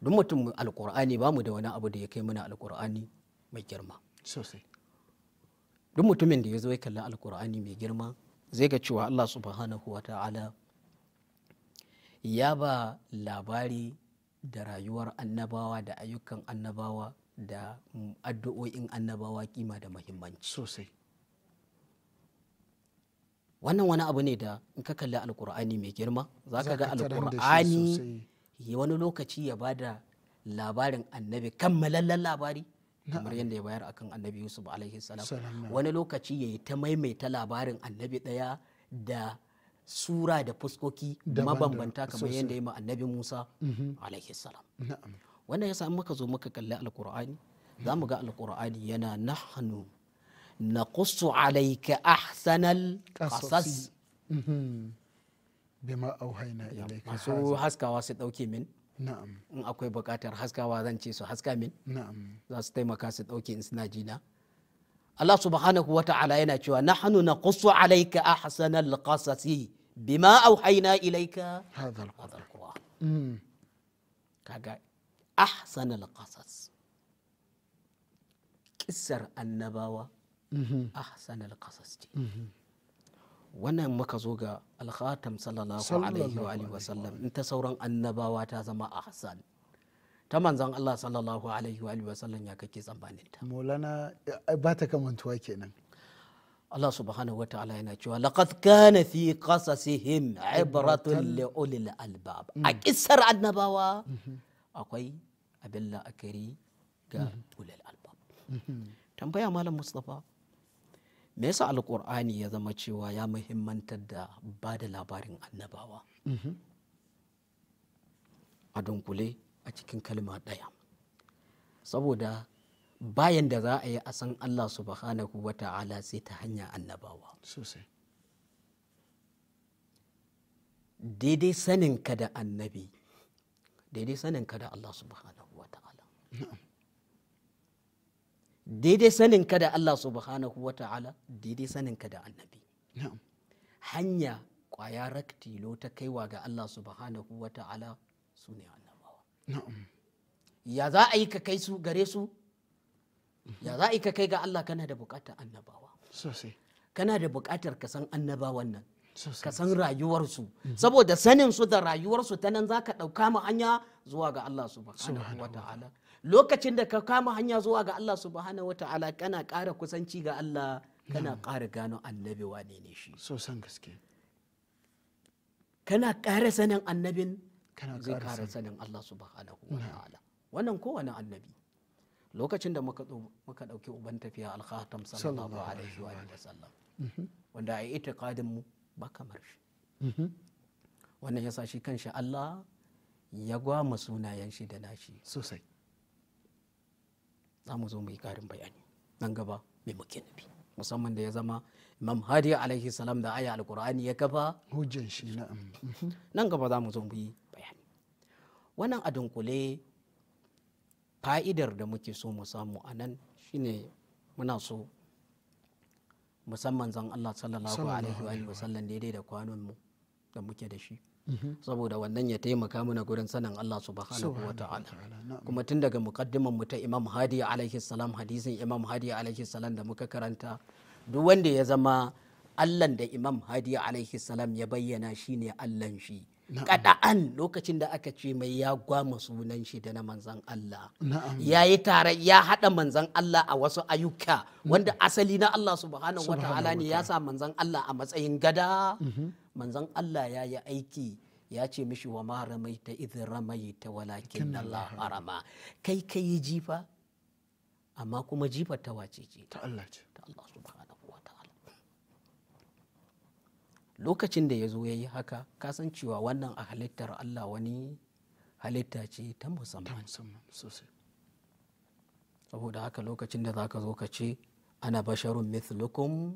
duk mutum alkur'ani ba mu da wani abu da ya kai mana alkur'ani mai girma sosai duk mutumin da ya zo ya kalli alkur'ani mai girma zai ga cewa allah subhanahu wa ta'ala ya ba labari da rayuwar annabawa da ayyukan annabawa da addu'o'in annabawa kima da mahimmanci sosai wannan wani abu ne da in ka kalli alkur'ani mai girma za ka ga alkur'ani wani lokaci ya ba da labarin annabi kammalallen labari kamar yadda ya bayar akan annabi yusuf alaihi salam wani lokaci ya yi ta maimaita labarin annabi daya da sura da fuskoki mabambanta kamar yadda ya ma annabi Musa mhm. alaihi salam wannan yasa in muka zo muka kalli alkur'ani za mu ga alkur'ani yana nahnu naqussu alayka ahsanal qasas mhm. bima auhayna ilaika masu haskawa su dauke min in akwai bukatar haskawa zan ce su haska min za su taimaka su dauke in suna jina Allah subhanahu wa ta'ala yana cewa nahnu naqussu alayka ahsanal qasasi bima auhayna ilayka hadha alquran hmm. kaga ahsanal qasas Kisar annabawa mm-hmm. ahsanal qasas ce mm-hmm. wannan muka zo ga alkhatam sallallahu alaihi wa sallam in ta sauran annabawa ta zama a ahsan ta manzon Allah sallallahu alaihi wa sallam ya kake tsammanin ta maulana eh, ba ta kamantuwa kenan Allah subhanahu wa ta'ala yana cewa laqad kana fi qasasihim ibratun li ulil albab a mm. kissar annabawa akwai abin la'akari ga mm-hmm. ulil albab mm-hmm. tambaya malam mustafa me yasa alkur'ani ya zama cewa ya muhimmantar da ba da labarin annabawa mm-hmm. a dunkule a cikin kalma ɗaya saboda bayan da za a yi a san Allah subhanahu wa ta'ala sai ta hanya annabawa sosai daidai saninka da annabi daidai saninka da Allah subhanahu wa ta'ala daidai saninka da Allah subhanahu wa ta'ala daidai saninka da annabi hanya kwaya raktilo ta kaiwa ga Allah subhanahu wa ta'ala su ne ya za a yi ka kai su gare su ya za a yi ka kai ga Allah kana da bukatar annabawa kana da bukatar ka san annabawan nan ka san rayuwarsu saboda sanin su da rayuwarsu ta nan za ka ɗauka mu hanya zuwa ga Allah subhanahu wa ta'ala lokacin da ka kama hanya zuwa ga Allah subhanahu wa ta'ala kana ƙara kusanci ga Allah kana ƙara gano annabi wane ne shi so san gaske kana ƙara sanin annabin kana zai kara sanin Allah subhanahu wa ta'ala wannan kowane annabi lokacin da muka ɗauki uban tafiya al-khatam sallallahu alaihi wa sallam mhm. wanda ai itiqadin mu ba kamar shi mhm. wannan yasa shi kanshi Allah ya gwama sunayen shi da nashi sosai za mu zo mu yi karin bayani nan gaba mai muke nufi musamman da ya zama imam hadi alaihi salam da aya alkur'ani ya kafa hujjan shi na'am mhm. nan gaba za mu zo mu yi wannan a dunkule fa'idar da muke so mu samu a nan shine muna so musamman zan Allah sallallahu alaihi wa sallam daidai da kwanon mu da muke da shi mhm. saboda wannan ya taimaka mana gurin sanin Allah subhanahu wa ta'ala kuma tun daga muqaddiman mu ta Imam Hadi alaihi salam hadisin Imam Hadi alaihi salam da muka karanta duk wanda ya zama Allah da Imam Hadi alaihi salam ya bayyana shine Allah shi kada'an lokacin da aka ce mai ya gwama sunan shi da na manzan Allah ya yi tare ya haɗa manzan Allah a wasu ayyuka mm-hmm. wanda asali na Allah subhanahu wa ta'ala ne ya sa manzan Allah a matsayin gada mm-hmm. manzan Allah ya yi aiki ya ce mishi wa ma ramaita idh ramaita walakin Allah harama kai kai jifa amma kuma jifa ta wace ce ta Allah ce ta lokacin da ya zo ya yi haka kasan cewa wannan a halittar Allah wani halitta ce ta musamman sosai saboda haka lokacin da za ka zo ka ce ana basharun mithlukum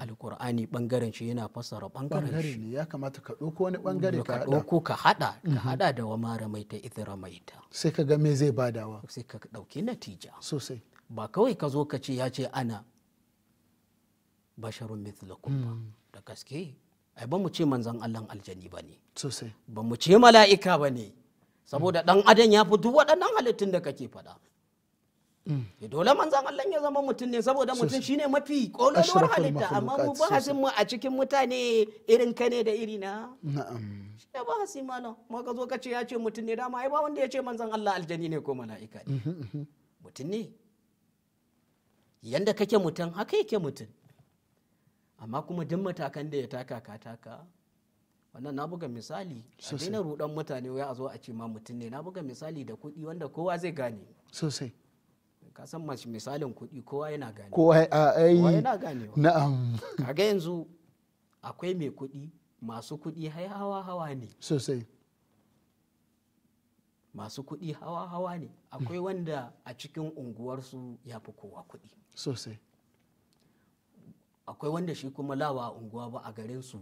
alkur'ani bangaren shi yana fassara bangaren shi ya kamata ka ɗauko wani bangare ka ɗauko ka hada ka mhm. hada da mai ta ithira ta sai ka ga me zai badawa sai ka ɗauki natija sosai ba kawai ka zo ka ce ya ce ana basharun mithlakum ba mm. da gaske ai ba mu ce manzon Allah aljani ba ne sosai ba mu ce mala'ika ba ne saboda dan adam ya fi waɗannan halittun da kake faɗa mm. eh, dole manzan Allah ya zama mutum ne saboda mutum shine mafi kololuwar halitta amma mu hasin mu a cikin mutane irin ka ne da iri na na'am shi ne ma malam ma ka zo ka ce ya ce mutum ne dama ai ba wanda ya ce manzan Allah aljani ne ko mala'ika ne mm-hmm, mm-hmm. mutum ne yanda kake mutum haka yake mutum amma kuma duk matakan da ya taka ka taka wannan na buga misali a daina rudan mutane ya a zo a ce ma mutum ne na buga misali da kuɗi wanda kowa zai gane sosai ka san masu misalin kuɗi kowa yana gane kowa yana gane na'am kaga yanzu akwai mai kuɗi masu kuɗi hai hawa hawa ne sosai masu kuɗi hawa hawa ne akwai hmm. wanda a cikin unguwarsu ya fi kowa kuɗi sosai akwai wanda shi kuma lawa a unguwa ba a garin su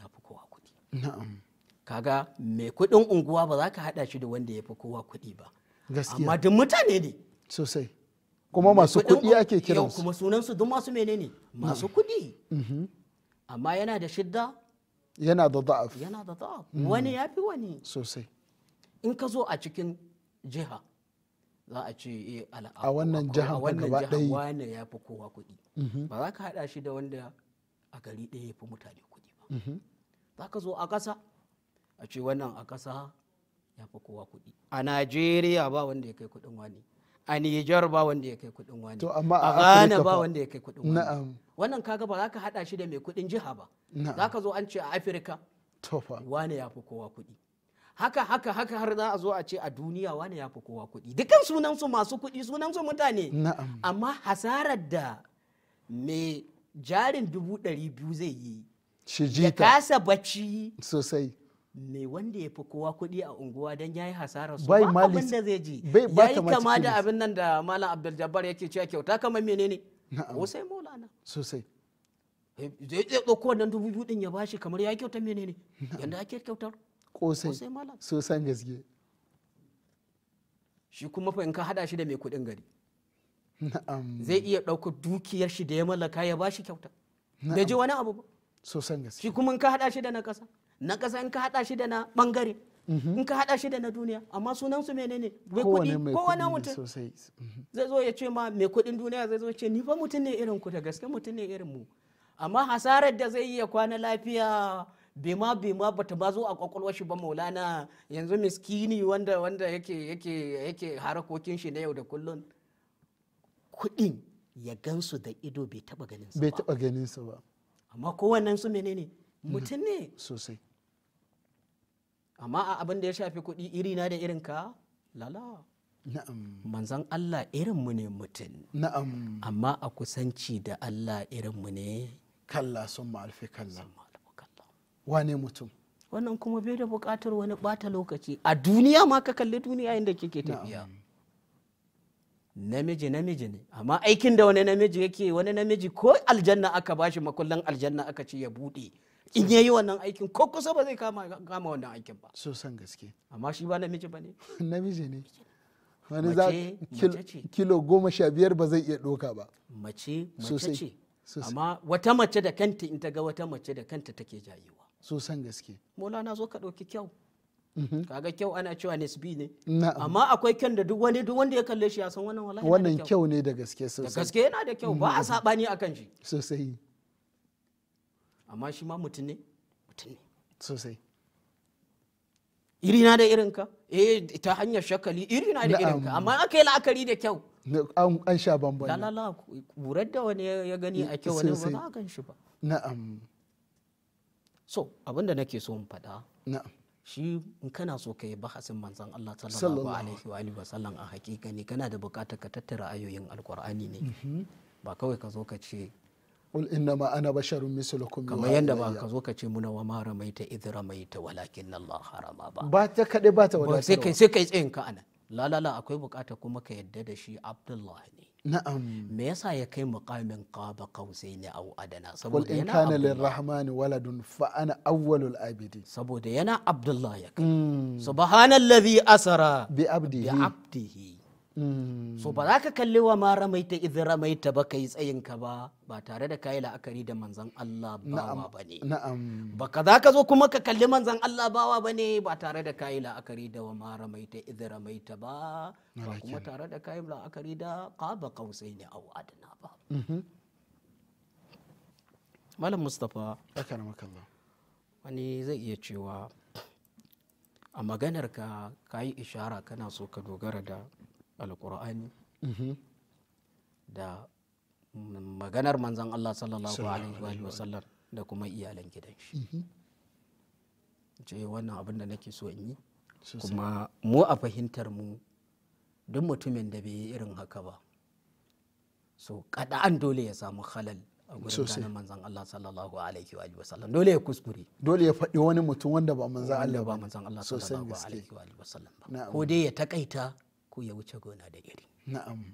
ya fi kowa kuɗi na'am kaga mai kuɗin unguwa ba za ka haɗa shi da wanda ya fi kowa kuɗi ba amma duk mutane ne sosai kuma masu kuɗi ake kira su kuma sunan su duk masu menene masu kuɗi mm-hmm. amma yana da shidda yana da da'af yana da da'af mm. wani ya fi wani sosai in ka zo a cikin jiha za a ce eh, a wannan jihar wane ya fi kowa kuɗi mhm. ba za ka haɗa shi da wanda a gari ɗaya ya fi mutane kuɗi ba mhm. za ka zo a ƙasa a ce wannan a ƙasa ya fi kowa kuɗi a najeriya ba wanda ya kai kuɗin wani a nijar ba wanda ya kai kuɗin wani a ghana ba wanda ya kai kuɗin wani wannan kaga ba za ka haɗa shi da mai kuɗin jiha ba za ka zo an ce a afirka wane ya fi kowa kuɗi haka haka haka har za a zo a ce a duniya wani ya fi kowa kuɗi dukan sunansu masu kuɗi sunansu mutane amma hasarar da mai jarin dubu ɗari biyu zai yi ya kasa bacci sosai mai wanda ya fi kowa kuɗi a unguwa don ya yi hasarar su ba abin da zai ji ya yi kama da abin nan da malam abdul jabbar yake cewa kyauta kamar menene wasai maulana sosai eh, zai ɗauko wannan dubu biyu ɗin ya bashi kamar ya kyauta menene yadda ake kyautar kosai sosan gaske shi kuma fa in ka hada shi da mai kudin gari zai iya ɗaukar dukiyar shi da ya mallaka ya ba shi kyauta da ji wani abu ba sosan gaske shi kuma in ka hada shi da na ƙasa na ƙasa in ka hada shi da na ɓangare mhm. in ka hada shi da na duniya amma sunan su menene mai kuɗi kowane mutum mhm. zai zo ya ce ma mai kuɗin duniya zai zo ya ce ni fa mutum ne irin ku da gaske mutum ne irin mu amma hasarar da zai iya kwana lafiya bema bema bata ta zo a kwakwalwar shi ba maulana yanzu miskini wanda wanda yake yake yake harakokin shi na yau da kullun kuɗin ya gansu da ido bai taba ganin ba bai taba ganin sa ba amma kowannen su menene mm. mutum ne sosai amma a abin da ya shafi kuɗi iri na da irin ka lala na'am manzon Allah irin mu ne mutum na'am amma a kusanci da Allah irin mu ne kalla sun ma'alfi kalla wane mutum wannan kuma bai da buƙatar wani ɓata lokaci a duniya ma ka kalli duniya inda kike tafiya namiji namiji ne amma aikin da wani namiji yake wani namiji ko aljanna aka bashi makullan aljanna aka ce ya buɗe in ya yi wannan aikin ko kusa ba zai kama wannan aikin ba so san gaske amma shi ba namiji ba ne <laughs> namiji ne wani za kilo goma sha biyar ba zai iya ɗoka ba mace mace ce amma wata mace da kanta in ta ga wata mace da kanta take jayo so san gaske na zo ka ɗauki kyau mhm. kaga kyau ana cewa nisbi ne amma akwai kyan da duk wani duk wanda ya kalle shi ya san wannan wallahi wannan kyau ne da gaske sosai da gaske yana da kyau ba a mhm. sabani akan shi sosai amma shi ma mutum ne mutum ne sosai irina da irinka eh ta hanyar shakali irina da irinka amma aka yi la'akari da kyau an sha bambam lalala burar da wani ya gani a kyau wani ba za a gan shi ba na'am so abinda nake so in faɗa shi in kana so ka yi bahasin manzan Allah sallallahu alaihi wa sallam a haƙiƙa ne kana da buƙatar ka tattara ayoyin alkur'ani ne mm-hmm. ba kawai ka zo ka ce qul innama ana basharun mislukum kamar yanda ba ka zo ka ce muna wa ta idra mai ta walakin Allah harama ba ba ta kade ba ta wadatarwa sai kai sai kai tsayin ka anan la la la akwai buƙata kuma ka yadda da shi Abdullahi ne na'am me yasa ya kai muqamin qaba ne aw adana saboda yana qul in kana lirrahmani waladun fa ana awwalul abidin saboda yana abdullahi ya kai mm. subhanallazi asara bi abdihi bi abdihi Hmm. so ba za ka kalli wa ma ramaita idh ramaita ba yi tsayin ka ba ba tare da kayi la'akari da manzan Allah bawa ba ne ba ka za ka zo kuma ka kalli manzan Allah bawa ba ne ba tare da kayi la'akari da wa ma ramaita idh ramaita ba ba kuma tare da kayi la'akari da kausai ne a'u adana ba mm-hmm. malam mustapha wani zai iya cewa a maganar ka kayi ishara kana so ka dogara da Alƙur'ani mm-hmm. da maganar manzan Allah sallallahu alaihi wa sallam da kuma iyalan gidan shi mm-hmm. ce wannan abin da nake so in yi kuma mu a fahimtar mu duk mutumin da bai yi irin haka ba so kada'an dole ya samu halal a gurin ganin manzan Allah sallallahu alaihi wa sallam dole ya kuskure dole ya faɗi wani mutum wanda ba manzan Allah ba manzan Allah sallallahu alaihi wa sallam ba ko dai ya takaita ko ya wuce gona da iri na'am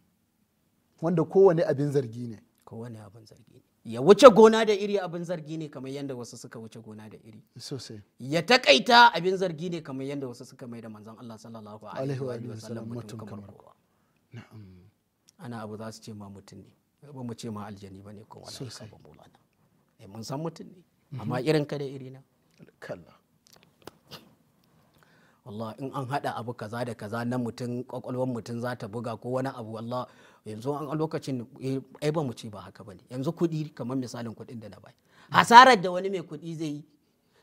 wanda kowane abin zargi ne kowane abin zargi ne ya wuce gona da iri abin zargi ne kamar yadda wasu suka wuce gona da iri sosai ya takaita abin zargi ne kamar yadda wasu suka mai da manzon Allah sallallahu alaihi wa sallam mutum kamar kowa na'am ana abu za su ce ma mutum ne ba mu ce ma aljani ba ne ko wani sosai eh, mun san mutum ne mhm. amma irin ka da na. kalla Allah in an hada abu kaza da kaza na mutum kwakwalwar mutum za ta buga ko wani abu Allah yanzu an a lokacin eh, ai ba mu ci ba haka bane yanzu kudi kamar misalin kudin da na bai hasarar da wani mai kudi zai yi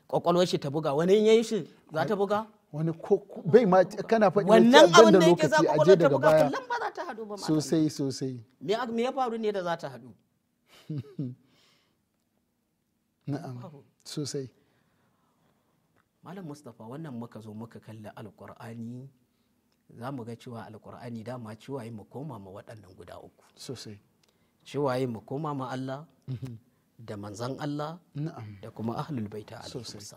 kwakwalwar shi ta buga wani yi shi za ta buga wani ko bai ma kana faɗi wannan abin da yake za kwakwalwar ta buga kallan ba za ta hadu ba sosai sosai me ya faru ne da za ta hadu <laughs> na'am sosai malam mustapha wannan muka zo muka kalli alkur'ani za mu ga cewa alkur'ani dama ciwaye mu koma ma waɗannan guda uku sosai ciwaye mu koma ma allah mhm. da manzan allah da kuma ahlul baita alaihi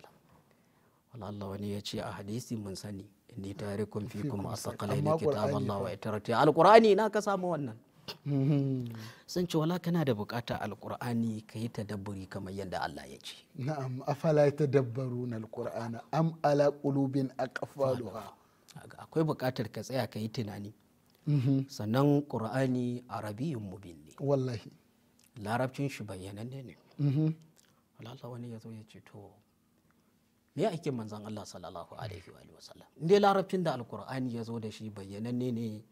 Allah wani ya ce a hadisi mun sani ni fi inni tarikum ne asaqalaini kitaballahi wa itarati alkur'ani na ka samu wannan Mm-hmm. sun ce wala kana da bukata alkur'ani ka yi tadabburi kamar yadda Allah ya ce na'am afala na alqur'ana am ala qulubin aqfaluha akwai bukatar ka tsaya ka yi tunani mm-hmm. sannan ƙur'ani arabiyyun mubin ne wallahi larabcin shi bayyananne ne mm-hmm. Allah wani ya zo ya ce to me aikin manzon Allah sallallahu alaihi wa wasallam inda larabcin da alqur'ani ya zo da shi bayyananne ne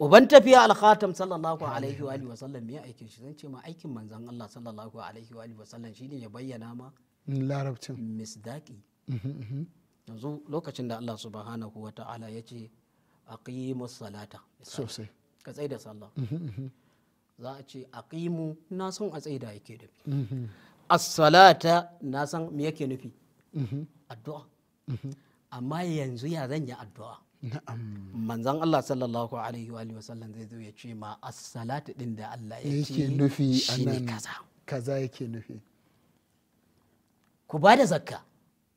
uban tafiya alkhatam sallallahu alaihi wa wasallam me aikin shi zan ce ma aikin manzon Allah sallallahu alaihi wa sallam shine ya bayyana ma larabcin misdaki mhm, mhm. yanzu lokacin da Allah subhanahu wa ta'ala ya ce aqimus salata sosai ka tsaye da sallah mhm, za a ce aqimu na son a tsaida yake da as-salata na san me yake nufi Mm-hmm. addu'a mm-hmm. amma yanzu ya zan yi addu'a manzan Allah sallallahu alaihi wa sallam zai zo ya ce ma as-salatu din da Allah ya ce nufi ne kaza kaza yake nufi ku ba da zakka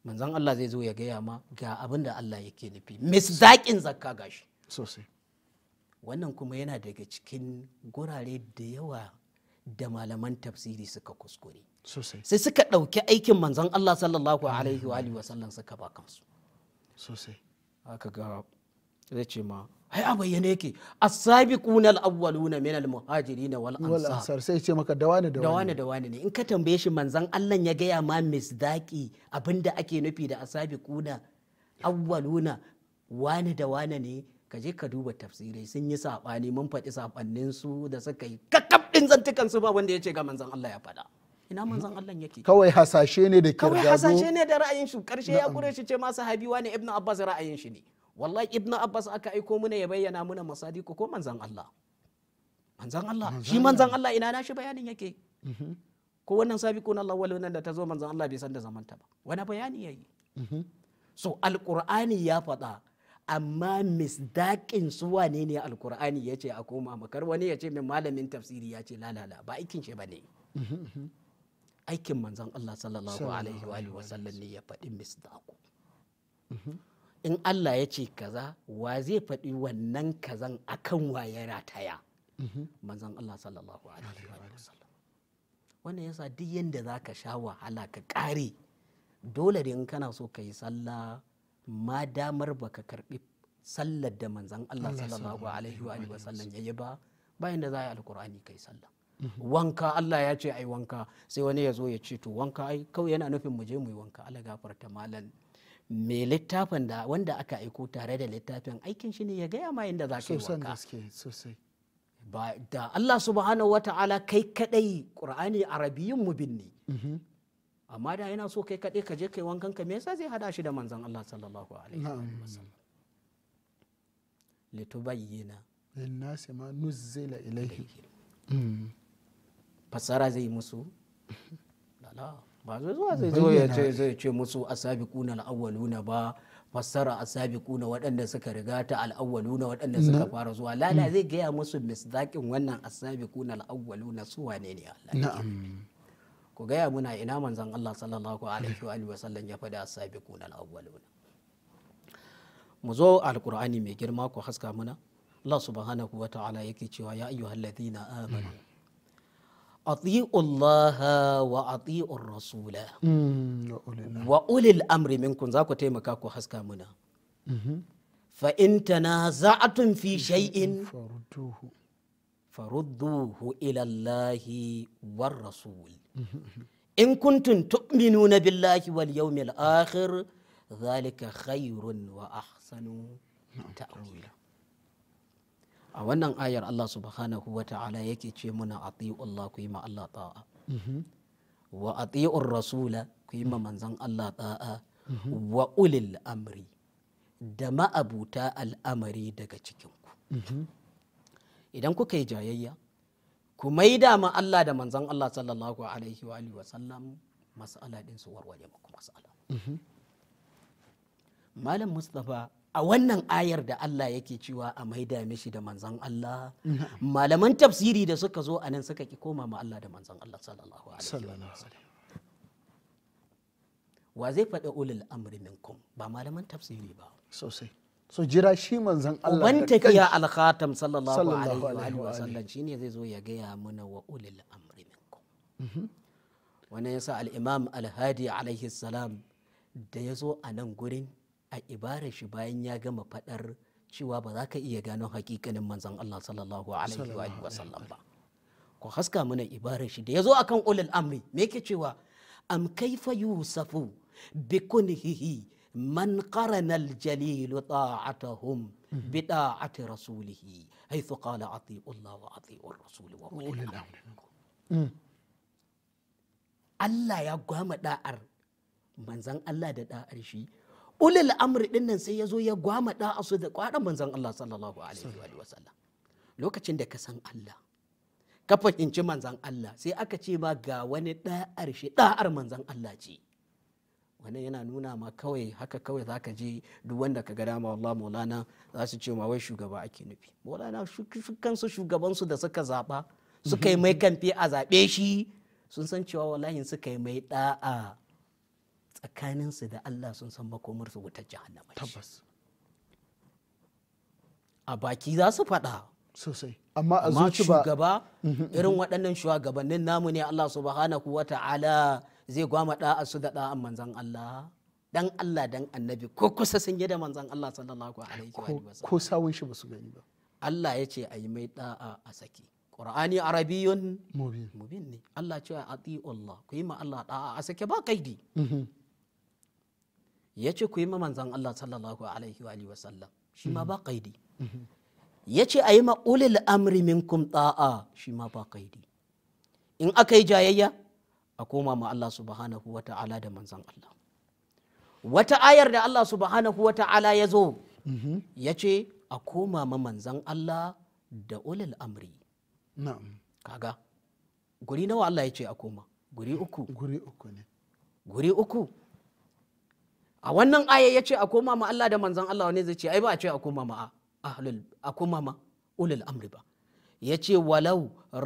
manzan Allah zai zo ya gaya ma ga abin da Allah yake nufi misdaƙin zakka gashi sosai wannan kuma yana daga cikin gurare da yawa da malaman tafsiri suka kuskure sai suka ɗauki aikin manzon Allah sallallahu alaihi wa alihi wasallam suka ba kansu sosai aka ga zai ce ma ai a bayyane yake as-sabiquna al-awwaluna min al-muhajirin wal ansar sai ce maka dawane dawane dawane dawane ne in ka tambaye shi manzon Allah ya gaya ma misdaki abinda ake nufi da as-sabiquna awwaluna wane da wane ne ka je ka duba tafsirai sun yi saɓani mun faɗi sabannin su da suka yi kakka dukkan su ba wanda ya ce ga manzon Allah ya faɗa ina manzon Allah yake kawai hasashe ne da kirgado kawai hasashe ne da ra'ayin shi karshe ya kure shi ce ma sahabiwa ne ibnu abbas ra'ayin shi ne wallahi ibnu abbas aka aiko muna ya bayyana muna masadiku ko manzon Allah manzon Allah shi manzon Allah ina na shi bayanin yake mhm. ko wannan sabiqun Allah wal nan da ta zo manzon Allah bai san da zamanta ba wani bayani yayi mhm. so alqur'ani ya faɗa amma misdaƙin su wane ne alkur'ani ya ce a koma makar wani ya ce min malamin tafsiri ya ce lalala ba aikin shi ba ne aikin manzon Allah sallallahu alaihi wa alihi wasallam ne ya faɗi misdaƙo mhm. in Allah ya ce kaza wa zai faɗi wannan kazan akan wa ya rataya mhm. manzon Allah sallallahu alaihi wa alihi wasallam wannan yasa duk yanda zaka sha wahala ka ƙare dole da in kana so ka yi sallah ma damar ba ka karbi sallar da manzan Allah sallallahu alaihi wa sallam yayi ba bayan da za a yi alkur'ani kai sallah mhm. wanka Allah ya ce ai wanka sai wani ya zo ya ce to wanka ai kawai yana nufin mu je mu yi wanka Allah gafarta malam me littafin da wanda aka aiko tare da littafin aikin shi ne ya gaya ma inda za ka yi wanka sosai da Allah subhanahu wata'ala kai kadai qur'ani arabiyyin mubin ne mhm. amma da yana so kai kaɗai ka je kai wankan ka me yasa zai hada shi da manzon Allah sallallahu alaihi wa sallam lin nasi ma nuzzila ilayhi fassara zai yi musu ba zai zuwa zai zo ya ce zai ce musu asabiquna al-awwaluna ba fassara asabiquna waɗanda suka riga ta al-awwaluna waɗanda suka fara zuwa lala mm. zai gaya musu misdaƙin wannan asabiquna al-awwaluna su wane ne Allah na'am ku gaya muna ina manzon Allah sallallahu alaihi wa alihi wasallam ya faɗi as-sabiquna al awwalun mu zo alqur'ani mai girma ku haska muna Allah subhanahu wa ta'ala yake cewa ya ayyuhalladhina amanu أطيعوا الله وأطيعوا الرسول وأولي الأمر منكم ذاكو تيمكا كو حسكا منا فإن تنازعتم في شيء فردوه فردوه إلى الله والرسول in kuntum nuna billahi wal yawmil akhir zalika khairun wa ahsanu ta'wila a wannan ayar Allah subhanahu wa ta'ala yake ce muna ati'u Allah ku yi ma Allah ta'a wa ati'u rasula ku yi ma manzon Allah ta'a wa ulil amri da ma'abuta al'amari daga cikinku idan kuka yi jayayya ku maida ma Allah da manzon Allah sallallahu alaihi wa alihi wa sallam mas'ala din su warware muku mas'ala mhm. malam mustafa a wannan ayar da Allah yake cewa a maida mishi da manzon Allah malaman tafsiri da suka zo anan suka ki koma ma Allah da manzon Allah sallallahu alaihi wa sallam wa zai faɗi ulul amri minkum ba malaman tafsiri ba sosai so jira shi manzan Allah uban tafiya al-khatam sallallahu alaihi wa sallam shine zai zo ya gaya mana wa ulil amri minkum mhm. wannan yasa al-imam al-hadi alaihi salam da ya zo a nan gurin a ibarar shi bayan ya gama fadar cewa ba za ka iya gano hakikanin manzan Allah sallallahu alaihi wa sallam ba ko haska mana ibarar shi da ya zo akan ulil amri me yake cewa am kaifa yusafu bikunhihi man qarana al-jalil ta'atahum bi ta'ati rasulih haythu qala ati'u Allah wa ati'u wa ulil hmm. Allah ya gwama da'ar manzan Allah da da'ar shi ulil amri din sai ya zo ya gwama da'a su da kwaran manzan Allah sallallahu lokacin da ka san Allah ka fahimci manzan Allah sai aka ce ma ga wani da'ar shi da'ar manzan Allah ce wannan yana nuna ma kawai haka kawai za ka je duk wanda ka gada ma wallah maulana za su ce ma wai shugaba ake nufi maulana kansu shugabansu da suka zaba suka yi mai kamfe a zaɓe shi sun san cewa wallahi suka yi mai da'a tsakaninsu da Allah sun san makomarsu wutar jahannama tabbas a baki za su faɗa sosai amma a zuci ba shugaba mhm, mhm. irin waɗannan shugabannin namu ne Allah subhanahu wa ta'ala zai gwama da'a su da da'an manzan Allah dan Allah dan annabi ko kusa sun yi da manzan Allah sallallahu alaihi wa sallam ko sawun shi ba su gani ba Allah ya ce a yi mai da'a a saki Qur'ani arabiyun mubin ne Allah ce a Allah ku yi ma Allah da'a a sake ba kaidi mhm. ya ce ku yi ma manzan Allah sallallahu alaihi wa sallam shi ma ba mhm. kaidi mhm. ya ce a yi ma ulil amri minkum da'a shi ma ba kaidi in aka yi jayayya a koma ma Allah subhanahu wa ta'ala da manzan Allah wata ayar da Allah subhanahu wa ta'ala ya zo mm-hmm. ya ce a koma ma manzan Allah da ulil amri kaga guri nawa Allah ya ce a koma guri uku guri uku ne guri uku a wannan aya ya ce a koma ma Allah da manzan Allah ne zai ce ai ba a ce a koma ma a koma ma ulil amri ba ya ce walau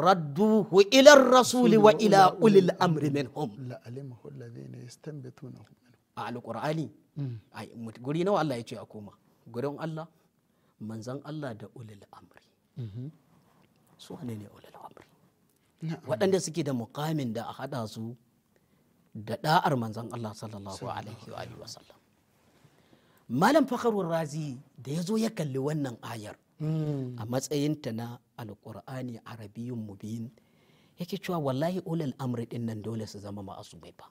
radduhu ilar rasuli wa ila ulil amri minhum la'alimahu a alƙur'ani hmm. guri nawa Allah ya ce a koma gurin Allah manzan Allah da ulil amri mhm. su wane ne ulil amri waɗanda suke da mukamin da a haɗa su da ɗa'ar manzan Allah sallallahu alaihi wa alihi wasallam malam fakharur razi da ya zo ya kalli wannan ayar hmm. a matsayinta na alqur'ani arabiyyun mubin yake cewa wallahi ulul amri din nan dole su zama ma'asumai fa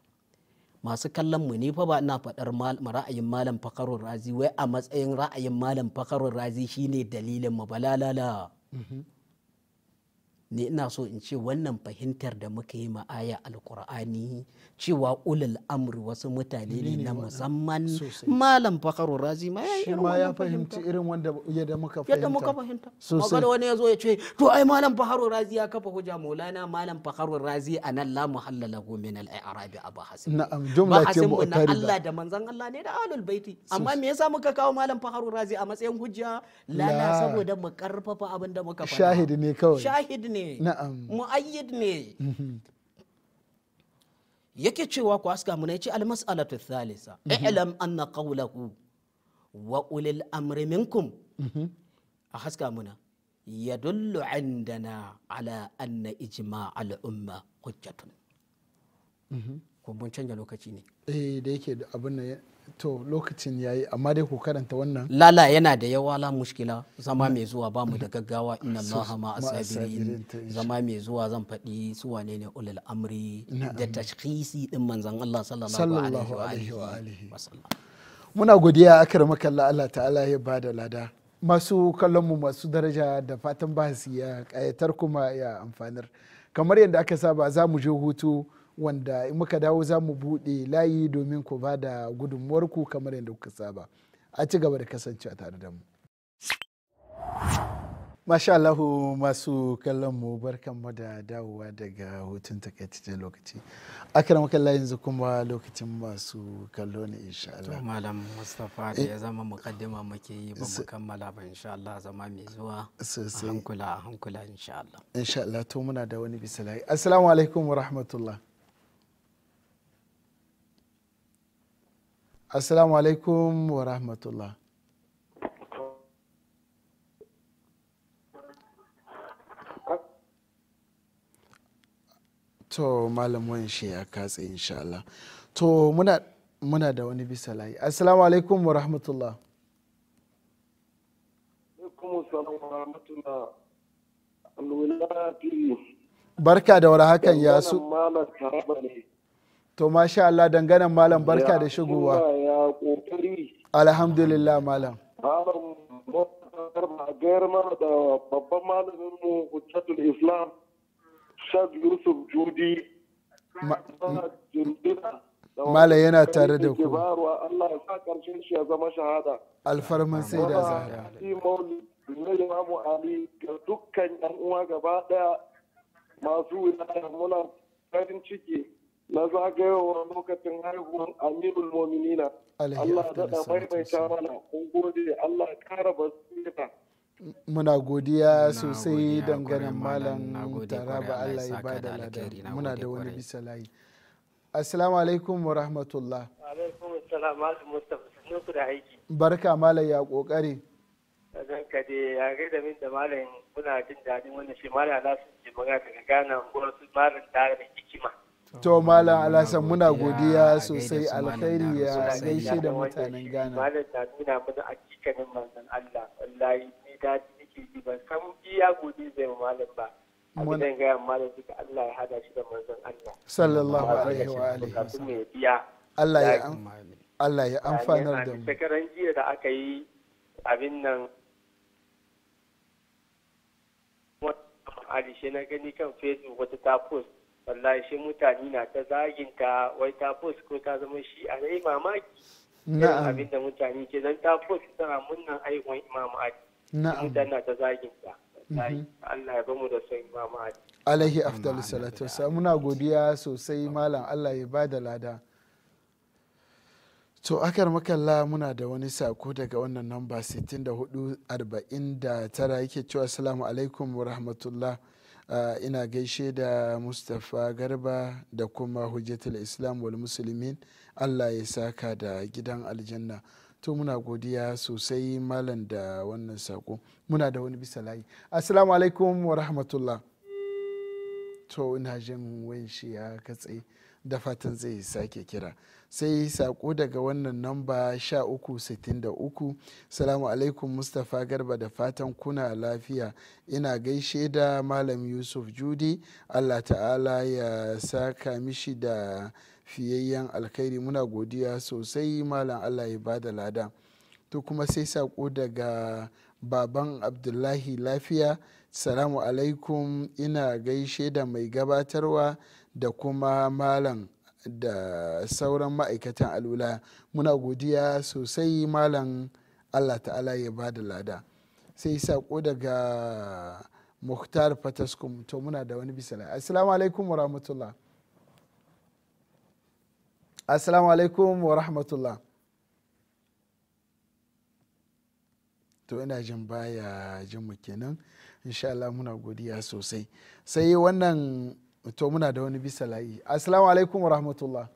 masu kallon mu ne fa ba ina faɗar ra'ayin malam fakarun razi wai a matsayin ra'ayin malam fakarun razi shine dalilin mu balalala ni ina so in ce wannan fahimtar da muka yi ma'aya alkur'ani cewa ulul amr wasu mutane ne na musamman malam fakarun razi ma ya shi ma ya fahimci irin wanda yadda muka fahimta yadda muka fahimta magana wani ya zo ya ce to ai malam fakarun razi ya kafa hujja maulana malam fakarun razi a nan la muhallala hu min al i'rabi abu hasan na'am jumla ce mu'tarida ba Allah da manzon Allah ne da ahlul baiti amma me yasa muka kawo malam fakarun razi a matsayin hujja lana saboda mu karfafa abin da muka faɗa shahidi ne kawai shahidi ne ne mu'ayyid ne mhm. yake cewa ku aska mu ne ce almas'alatu thalisa mhm. i'lam anna qawlahu wa ulil amri minkum mhm. a haska na yadullu indana ala anna ijma al umma hujjatun ko mun canja lokaci ne eh da yake abin nan to lokacin ya yi amma dai ku karanta wannan lala yana da yawa la mushkila zama mai zuwa ba mu da <laughs> gaggawa inna allaha ma asabirin zama mai zuwa zan faɗi su wane ne ulul amri da tashkisi din manzon Allah sallallahu alaihi wa alihi muna godiya akar Allah Allah ta'ala ya bada lada masu kallon mu masu daraja da fatan bahasi ya kayatar kuma ya amfanar kamar yadda aka saba za mu je hutu wanda in muka dawo za mu buɗe layi domin ku ba da gudunmuwarku kamar yadda kuka saba a ci gaba da kasancewa tare da mu Masha Allahu masu kallon mu mu da dawowa daga hutun takaitaccen lokaci. Akram kalla yanzu kuma lokacin masu kallo ne insha Allah. To Malam Mustapha da ya zama mukaddima muke yi ba mu kammala ba insha Allah zama mai zuwa. Hankula hankula insha Allah. Insha Allah to muna da wani bisalai. Assalamu alaikum wa rahmatullah. assalamu alaikum wa rahmatullah to malam malamin shi ya katse insha Allah to muna muna da wani bisa layi assalamu alaikum wa rahmatullah barka da war hakan ya su to masha Allah dangane malam barka da shigowa alhamdulillah malam gayar da babban malamin mu hujjatul islam shag yusuf judi mala yana tare da ku Allah ya sa karshen shi ya zama shahada alfarman sai da zahara imamu ali ga dukkan yan uwa gaba daya masu wilaya muna farin ciki na zagayowar lokacin haihuwar amirul mominina Allah da da maimaita mana kun gode Allah kara basira muna godiya sosai dangane malam taraba Allah ya bada ladari muna da wani bisa layi assalamu alaikum wa rahmatullah alaikum assalam malam mustafa ku da aiki barka malam ya kokari zan ka da ya da min da malam kuna jin dadin wannan shi malam na sun ce magana daga Ghana ko su malam tare da hikima to malam alhassan muna godiya sosai alkhairi ya gaishe da mutanen ghana da ta nuna mana a cikin manzon allah wallahi ni daɗi nake ji ban san iya gode zai malam ba a gidan gaya malam duka allah ya hada shi da manzon allah sallallahu alaihi wa alihi kafin ya biya allah ya allah ya amfanar da mu shekaran jiya da aka yi abin nan Ali shi na gani kan Facebook wata ta post wallahi shi mutane na ta zaginta wai ta post ko ta zama shi a rai mamaki na'am abin da mutane ke zan ta post tana munnan aikon imamu ali na'am mutane na ta zaginta mhm. Allah ya bamu da son imamu ali alaihi afdal salatu wassalam muna godiya sosai malam Allah ya bada lada to akar makalla muna da wani sako daga wannan namba 6449 yake cewa assalamu alaikum wa rahmatullah ina gaishe da mustapha garba da kuma hujjatul islam wal musulmin allah ya saka da gidan aljanna to muna godiya sosai malam da wannan sako muna da wani bisa layi assalamu alaikum wa rahmatullah to ina jin wayan shi ya katse da fatan zai sake kira sai sako daga wannan namba 1363 salamu alaikum mustapha garba da fatan kuna lafiya ina gaishe da malam yusuf judi allah ta'ala ya saka mishi da fiyayyen alkhairi muna godiya sosai malam allah ya bada lada to kuma sai sako daga baban abdullahi lafiya salamu alaikum ina gaishe da mai gabatarwa da kuma malam da sauran ma'aikatan alula muna godiya sosai malam allah ta'ala ya ba da lada sai sako daga muhtar fataskum to muna da wani bisa assalamu alaikum wa rahmatullah assalamu alaikum wa rahmatullah to ina jin baya jin mu kenan insha muna godiya sosai sai wannan to muna da wani bisa layi assalamu alaikum wa rahmatullah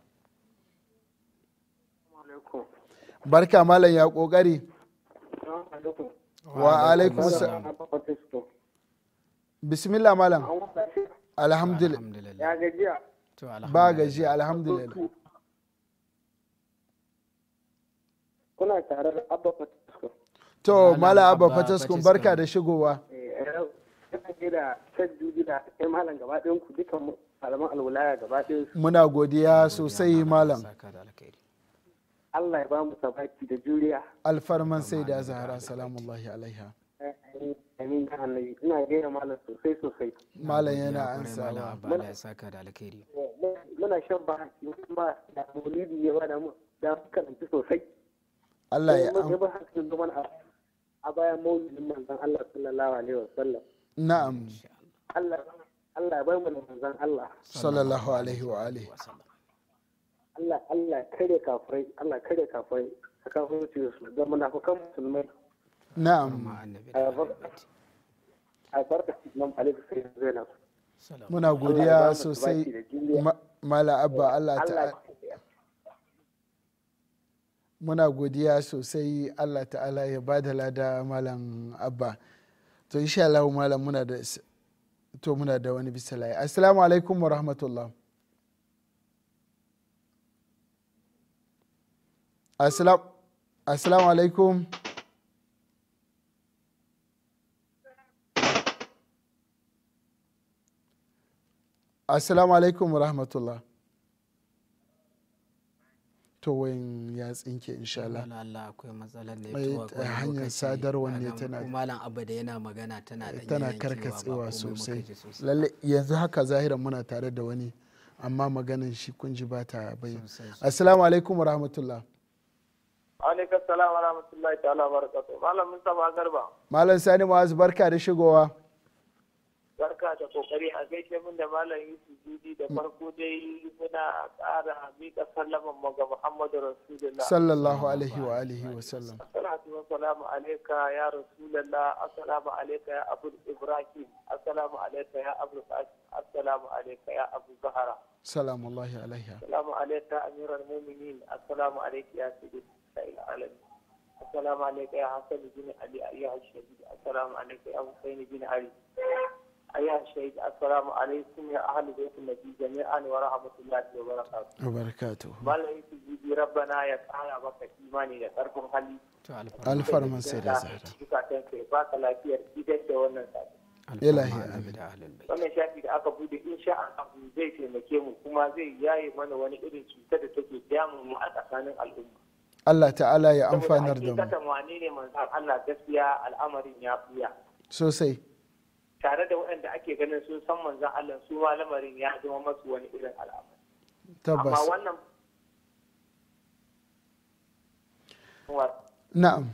barka malam ya kokari wa alaikum bismillah malam alhamdulillah ba gajiya alhamdulillah kuna tare da abba fatasko to mala abba fatasko barka da shigowa eh, kana da kan da kai malam gaba ɗayan ku dukan malaman alwulaya gaba ɗayan su muna godiya sosai malam Allah ya ba mu sabaki da juriya alfarman sai da zahara salamullahi alaiha eh, amin ga annabi ina gaira malam sosai sosai malam yana an ansa Allah ya saka da alkhairi eh, muna shan ba kuma da maulidi ya bada mu da karanci sosai Allah ya eh, amma a bayan maulidin manzon Allah sallallahu alaihi wasallam na'am Allah bai mu manzan Allah sallallahu alaihi wa alihi Allah Allah kare kafirai Allah kare kafirai ka kafirci su da munafikan musulmai na'am albarkacin Imam Ali sai zaina muna godiya sosai mala abba Allah ta'ala muna godiya sosai Allah ta'ala ya bada lada malam abba to insha Allah malam muna da to muna da wani bisalaye assalamu alaikum wa rahmatullah assalamu alaikum assalamu alaikum wa rahmatullah to ya tsinke insha Allah akwai matsalar network hanyar sadarwa ne tana malam abu da yana magana tana tana karkatsewa sosai lalle yanzu haka zahiran muna tare da wani amma maganin shi kun ji ba ta bayyana assalamu alaikum warahmatullah alaikum salam warahmatullahi ta'ala barakatuh malam Mustafa Garba malam Sani Mu'az barka da shigowa barka da kokari a gaishe min da malam yusuf dudi da farko dai muna ƙara miƙa sallaman mu ga muhammadu rasulullah sallallahu alaihi wa alihi wa sallam salatu wa salamu alayka ya rasulullah assalamu alayka ya abu ibrahim assalamu alayka ya abu qasim assalamu alayka ya abu zahara salamu alayhi alaiha salamu alayka amiral mu'minin assalamu alayka ya Sidi sayyidi alamin assalamu alayka ya hasan bin ali ayyuha shahid assalamu alayka ya husayn bin ali أيها الشهيد السلام عليكم يا أهل بيت النبي جميعا ورحمة الله وبركاته وبركاته ما لا يتجيبي ربنا يتعالى بك إيماني لتركم حلي ألف سيدة زهرة ilahi amin wannan shafi da aka bude insha Allah zai taimake mu kuma zai yaye mana wani irin cutar da take damun mu a tsakanin al'umma Allah ta'ala ya amfanar da mu. ne manzan Allah gaskiya al'amarin ya Sosai. tare da waɗanda ake ganin sun san manzan Allah su ma lamarin ya zama masu wani irin al'amari amma wannan na'am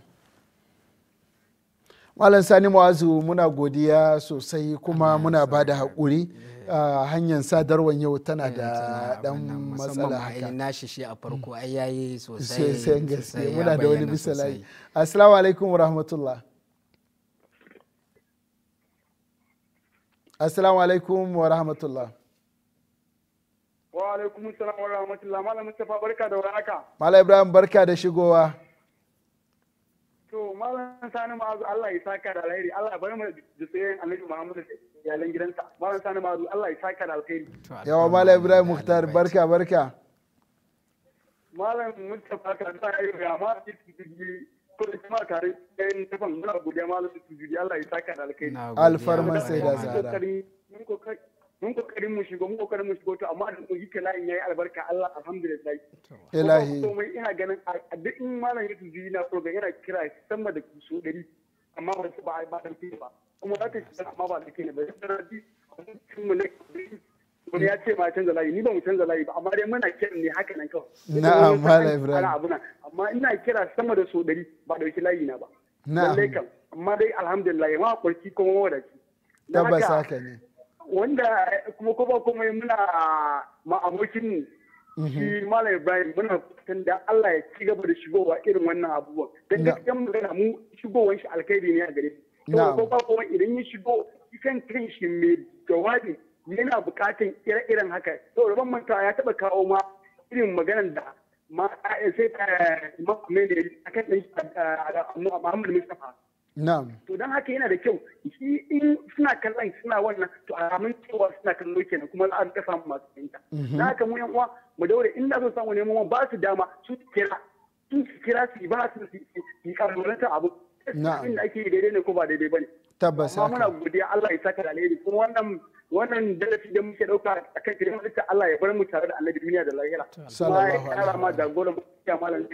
malam sani mawazu muna godiya sosai kuma muna ba da haƙuri eh. ah, hanyar sadarwar yau tana eh, da dan matsala haka na shi shi a farko ai yayi sosai sosai gaske muna da wani bisa layi assalamu alaikum wa rahmatullah assalamu alaikum wa rahmatullah wa alaikum salam wa rahmatullah malam mustafa barka da waraka malam ibrahim barka da shigowa to malam sani ma'azu Allah ya saka da alheri Allah ya bari mu da tsayin annabi Muhammad da iyalan gidansa malam sani ma'azu Allah ya saka da alheri yawa malam ibrahim muhtar barka barka malam mustafa ka sa ya ma ci so da kuma tare ɗayan tafan muna godiya malam su Allah ya saka da alkai alfarman sai da zara mun kokarin mu shigo mun kokarin mu shigo to amma da kun layin yayi albarka Allah alhamdulillah ilahi to mai ina ganin a duk in malam ya tuji na so ga yana kira sama da su dari amma ba ba ba ba kuma za amma ba da ne ba ne ya ce ma canza layi ni ba mu canza layi ba amma dai muna kiran ne haka nan kawai na'am malam ibrahim amma ina kira sama da so ba dauki layi na ba lallai kam amma dai alhamdulillah ma kwarki kuma wadaci tabbas haka ne wanda kuma ko ba komai muna ma abokin mhm. shi malam ibrahim muna fatan da allah ya ci gaba da shigowa irin wannan abubuwan don gaskiyar magana mu shigowan shi alkhairi ne a gare mu ko ba kuma idan ya shigo kan kan shi mai jawabi yana bukatan ire-iren haka saboda ban manta ya taba kawo ma irin maganan da ما eh, sai eh, imam eh, da akan din Muhammad Mustafa Na'am. To don haka yana da kyau shi in suna kallon suna wannan to alamun cewa suna kallo kenan kuma za a samu masu fahimta. Mhm. Don haka mu yan uwa mu daure in da so samu neman ba su dama su kira su kira ba su yi kalubalantar abu. Na'am. Inda ake daidai ne ko ba daidai ba ne. Tabbas. Amma muna godiya Allah ya saka da kuma wannan wannan darasi da muke dauka a kan kiran halitta Allah ya bar mu tare da annabi duniya da lahira kuma ya kara ma jagoran ya malam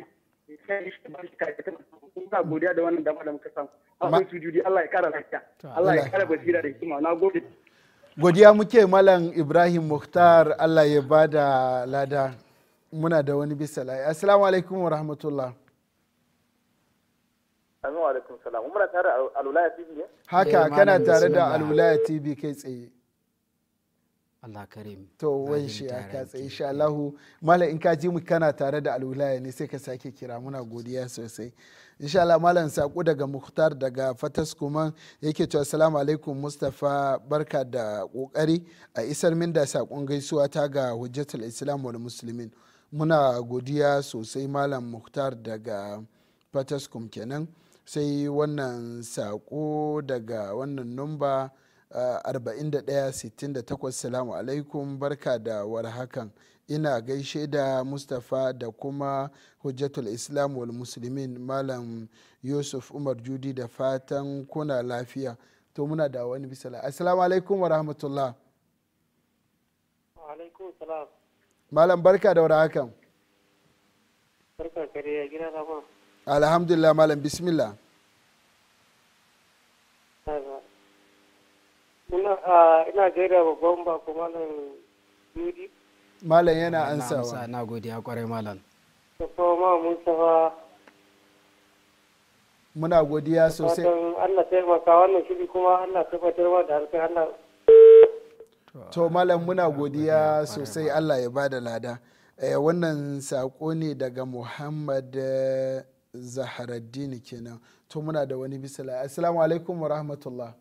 ka godiya da wannan dama da muka samu abin sujudi Allah ya kara lafiya Allah ya kara basira da hikima na gode godiya muke malam Ibrahim Muhtar Allah ya bada lada muna da wani bisa layi assalamu alaikum wa rahmatullah Assalamu alaikum salam. Umar tare da Alulaya TV ne? Haka eh, kana tare da Alulaya TV kai tsaye. Allah karim to wai shi ka tsaye insha Allah malam in ka ji mu kana tare da alwilaya ne sai ka sake kira muna godiya sosai insha Allah malam sako daga Mukhtar daga Fatas kuma yake cewa assalamu alaikum Mustafa barka da kokari a isar min da sakon gaisuwa ta ga Hujjatul Islam wal Muslimin muna godiya sosai malam Mukhtar daga Fataskum kenan sai wannan sako daga wannan number 4168 salamu alaikum barka da warhakan ina gaishe da mustapha da kuma hujjatul islam wal musulmin malam yusuf umar judi da fatan kuna lafiya to muna da wani bisala assalamu alaikum wa rahmatullah malam barka da warhakan alhamdulillah malam bismillah Muna ina gaida babban bako malam Dudi. Malam yana ansawa. Na godiya kwarai malam. Mustafa Mustafa. Muna godiya sosai. Allah taimaka wannan shiri kuma Allah tabbatar da harkar Allah to malam muna godiya sosai allah ya bada lada eh, wannan saƙo ne daga muhammad eh, zaharaddini kenan to muna da wani bisala assalamu alaikum wa rahmatullah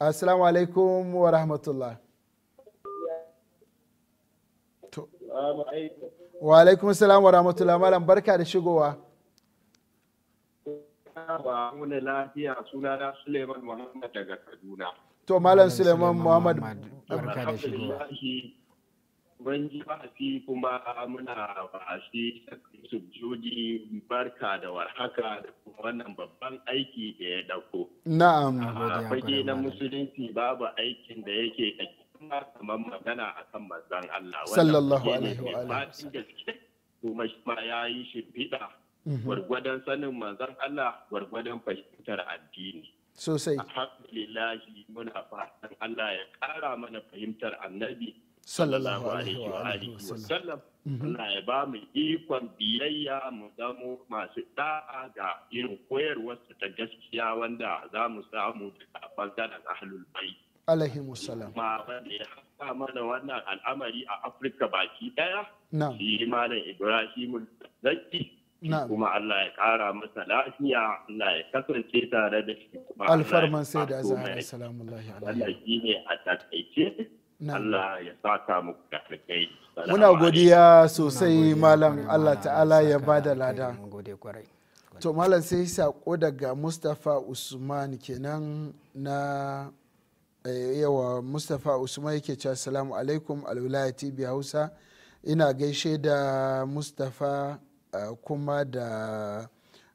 assalamu alaikum wa rahmatullah wa alaikum salam wa rahmatullah malam barka da shigowa wa muna lafiya sunana suleiman muhammad daga kaduna to malam suleiman muhammad barka da shigowa mun ji fi kuma muna ba bahasi su judi barka da warhaka da kuma wannan babban aiki da ya dauko. Na'am. Fage na musulunci babu aikin da yake kuma kamar magana akan manzon Allah. Sallallahu alaihi wa kuma shi ma ya yi shimfiɗa mhm. gwargwadon sanin manzon Allah gwargwadon fahimtar addini. Sosai. Alhamdulillahi muna fatan Allah ya ƙara mana fahimtar annabi. sallallahu alaihi wa alihi wasallam mhm. Allah ya ba mu ikon biyayya mu zamo masu da'a ga yin koyarwarsa ta gaskiya wanda za mu samu daga bangaren ahlul bai. Alaihi musallam. Ma wanda ya haka mana wannan al'amari a Afirka baki ɗaya Na. Shi malam Ibrahim Zaki. kuma Allah ya kara masa lafiya Allah ya kasance tare da shi kuma alfarman sai da azahar salamu alaihi wa sallam. Allah shi ne a takaice Allah ya muku kai. Muna godiya sosai malam Allah ta'ala ya ba da lada. To malam sai saƙo daga Mustapha Usman kenan na eh, yawa Mustapha Usman yake cewa salamu alaikum alwilaya TV Hausa ina gaishe da Mustapha eh, kuma da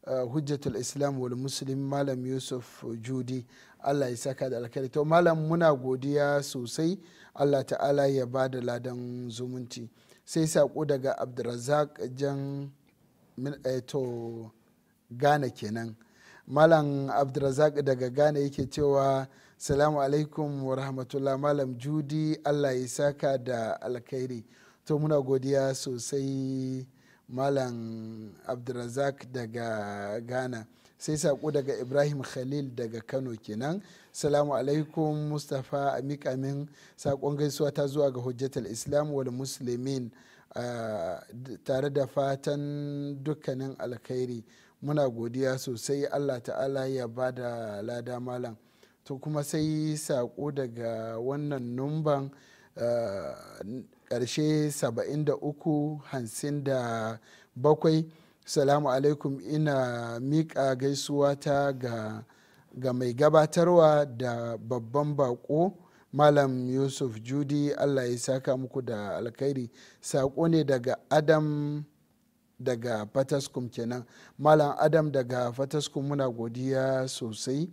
eh, hujjatul islam wal muslim malam yusuf judi allah ya saka da alkhairi to malam muna godiya sosai allah ta'ala ya ba da ladan zumunci sai sako daga abdulrazak jan eh, to ghana kenan malam abdulrazak daga ghana yake cewa salamu alaikum wa rahmatullah malam judi allah ya saka da alkhairi to muna godiya sosai malam abdulrazak daga ghana sai saƙo daga ibrahim khalil daga kano kenan salamu alaikum mustapha amikamin saƙon gaisuwa ta zuwa ga hujjatar islam wal muslimin tare da fatan dukkanin alkhairi muna godiya sosai allah ta'ala ya ba da lada malam to kuma sai saƙo daga wannan numban ƙarshe 73 57 bakwai salamu alaikum ina miƙa gaisuwa ta ga, ga mai gabatarwa da babban bako malam yusuf Judy, allah ya saka muku da alkhairi saƙo ne daga adam daga fataskum kenan malam adam daga fataskum muna godiya sosai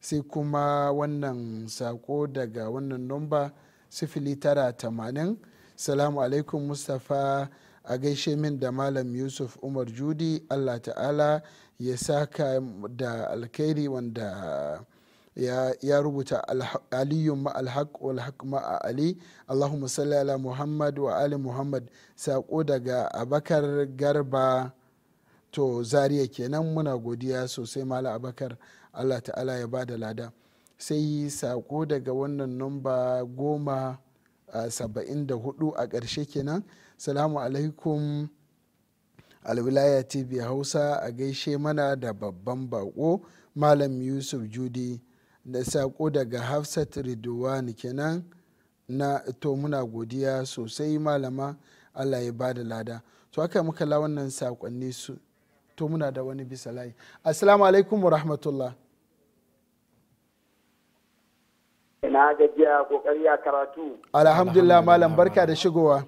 sai kuma wannan sako daga wannan nomba sifili tara tamanin salamu alaikum mustapha a gaishe min da malam yusuf umar judi allah ta'ala ya saka da alkhairi wanda ya rubuta aliyu ma'alhaq walhaq ma'a ali allahumma salli ala muhammad wa ali muhammad sako daga abakar garba to zaria kenan muna godiya sosai mala abakar allah ta'ala ya ba da lada sai yi sako daga wannan numba goma ah, saba'in da hudu a ƙarshe kenan salamu alaikum alwilaya tv hausa a gaishe mana da babban bako malam yusuf judi da sako daga hafsat ridwan kenan na to muna godiya sosai malama allah ya bada lada to haka muka la wannan sakonni su to muna da wani bisa layi assalamu alaikum wa rahmatullah na gajiya kokari ya karatu alhamdulillah malam barka da shigowa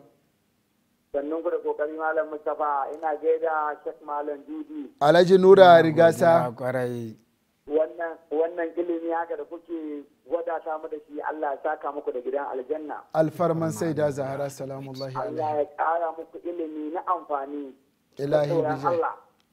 sannan ku da kokari malam mustapha ina gaida shek malam dudu alhaji nura rigasa wannan wannan ilimi haka da kuke ta mu da shi Allah ya saka muku da gidan aljanna alfarman sai da zahara salamullahi Allah ya kara muku ilimi na amfani ilahi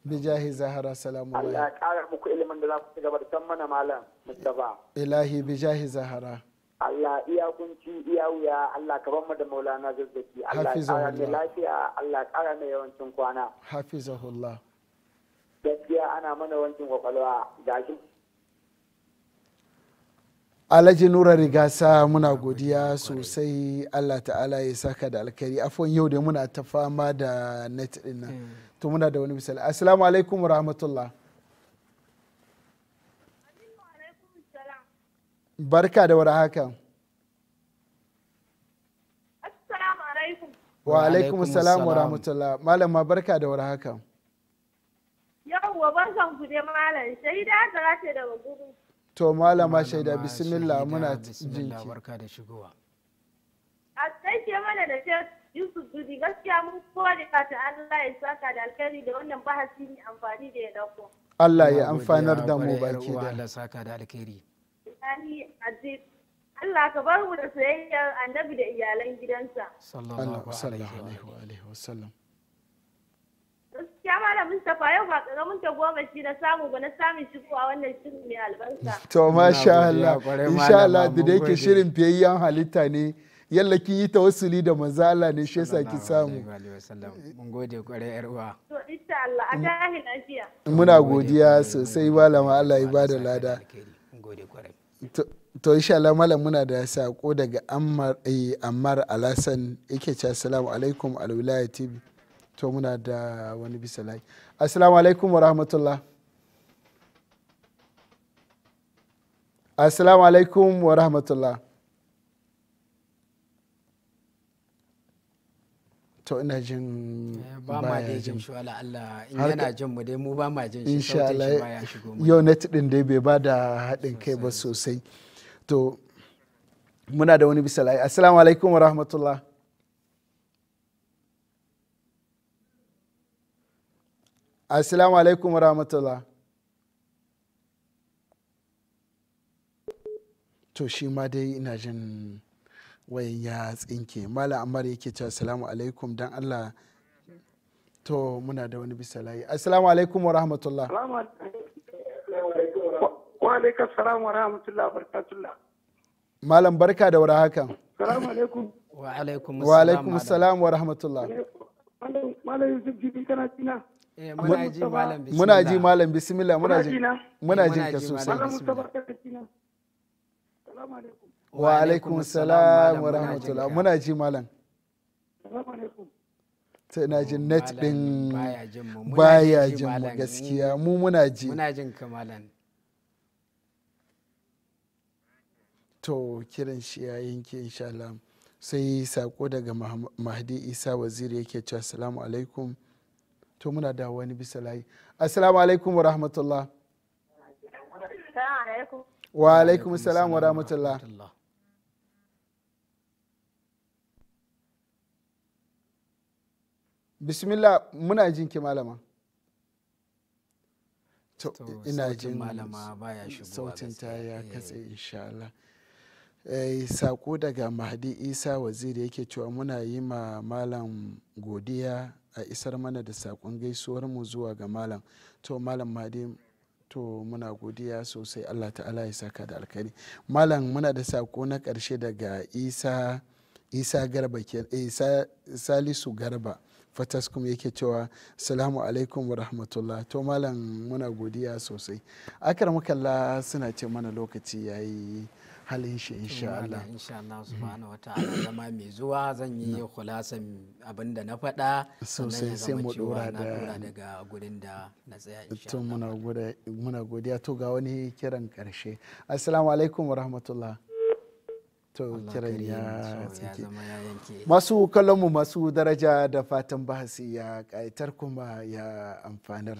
bijahi zahara salamullahi Allah ya kara muku ilimin da za ku ci gaba da san mana malam mustafa ilahi bijahi zahara Allah iya kunci iya wuya Allah ka mu da Maulana zazzaki Allah ƙara mai lafiya Allah ƙara mai yawancin kwana hafizahullah gaskiya ana mana wancin kwakwalwa gashi alhaji nura rigasa muna godiya sosai allah ta'ala ya saka da alkari afon yau da muna ta fama da net ɗin nan hmm. to muna da wani misali assalamu alaikum rahmatullah barka da warhaka assalamu alaikum wa alaikum assalam wa rahmatullah malama barka da warhaka yawwa barkan ku dai malam shaida ta race da gugu to malama shaida bismillah muna jinki barka da shigowa a tsaye mana da shek Yusuf Dudi gaskiya mun kore ka ta Allah ya saka da alkhairi da wannan bahasi ne amfani da ya dauko Allah ya amfanar da mu baki da Allah saka da alkhairi Sani Aziz. Allah ka bar mu da soyayyar annabi da iyalan gidansa. Sallallahu alaihi wa sallam. Gaskiya Malam Mustapha yau ba karamin ta goma shi na samu ba na samun shigo a wannan shirin mai albarka. <laughs> To masha Allah, insha Allah da da yake shirin fiyayyen halitta ne yalla ki yi tawassuli da mazala ne shi yasa ki samu. Mun gode kwarai yar uwa. To insha Allah a tahi lafiya. Muna godiya sosai malama Allah ya bada lada. to insha Allah malam muna da sako daga Ammar eh Ammar Alasan yake ce assalamu alaikum alwilaya TV to muna da wani bisa layi assalamu alaikum wa rahmatullah assalamu alaikum wa rahmatullah to ina jin eh, ba ma dai jin shi wala Allah in yana jin mu dai mu ba ma jin shi insha Allah yau net din dai bai ba da haɗin kai ba sosai to muna da wani bisa layi assalamu alaikum wa rahmatullah assalamu alaikum wa rahmatullah to shi ma dai ina jin wai ya tsinke mala amar yake cewa assalamu alaikum dan allah to muna da wani bisa layi assalamu alaikum wa rahmatullah wa salam wa malam barka da wara hakan wa alaikum salam wa rahmatullah malam yusuf jibi kana eh, muna ji malam bismillah muna ji muna eh, jin ka sosai alaikum wa alaikun salam wa rahmatullah muna ji malam ta ina jin net din baya jin mu gaskiya mu muna ji muna jin malam to kiran shi ya yanke insha Allah sai sako daga mahdi isa waziri yake cewa assalamu alaikum to muna da wani bisa layi assalamu alaikum wa rahmatullah wa alaikum salam wa rahmatullah bismillah muna jin ki malama to ina jin malama baya shigowa sautin ta ya eh. katse insha Allah eh, sako daga mahdi isa waziri yake cewa muna yi ma malam godiya a isar mana da sakon gaisuwar mu zuwa ga malam to malam mahdi to muna godiya sosai allah ta'ala ya saka da alkhairi malam muna da sako na karshe daga isa isa garba eh, isa salisu garba fatas kuma yake cewa salamu alaikum wa rahmatullah to malam muna godiya sosai akar makalla suna ce mana lokaci ya yi halin shi insha Allah insha Allah mm-hmm. subhanahu wata zama mai zuwa zan yi khulasan abin da na faɗa sosai sai mu dora da daga gurin da na tsaya insha Allah muna godiya to ga wani kiran karshe assalamu alaikum wa rahmatullah to kiran ya masu kallonmu masu daraja da fatan bahasi ya kaitar kuma ya amfanar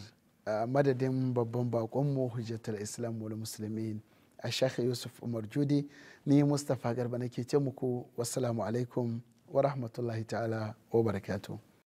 madadin babban bakonmu hujjatar islam wal musulmin a shaka yusuf umar judi ni mustapha garba nake ce muku wasu alaikum wa rahmatullahi ta'ala wa barakatuh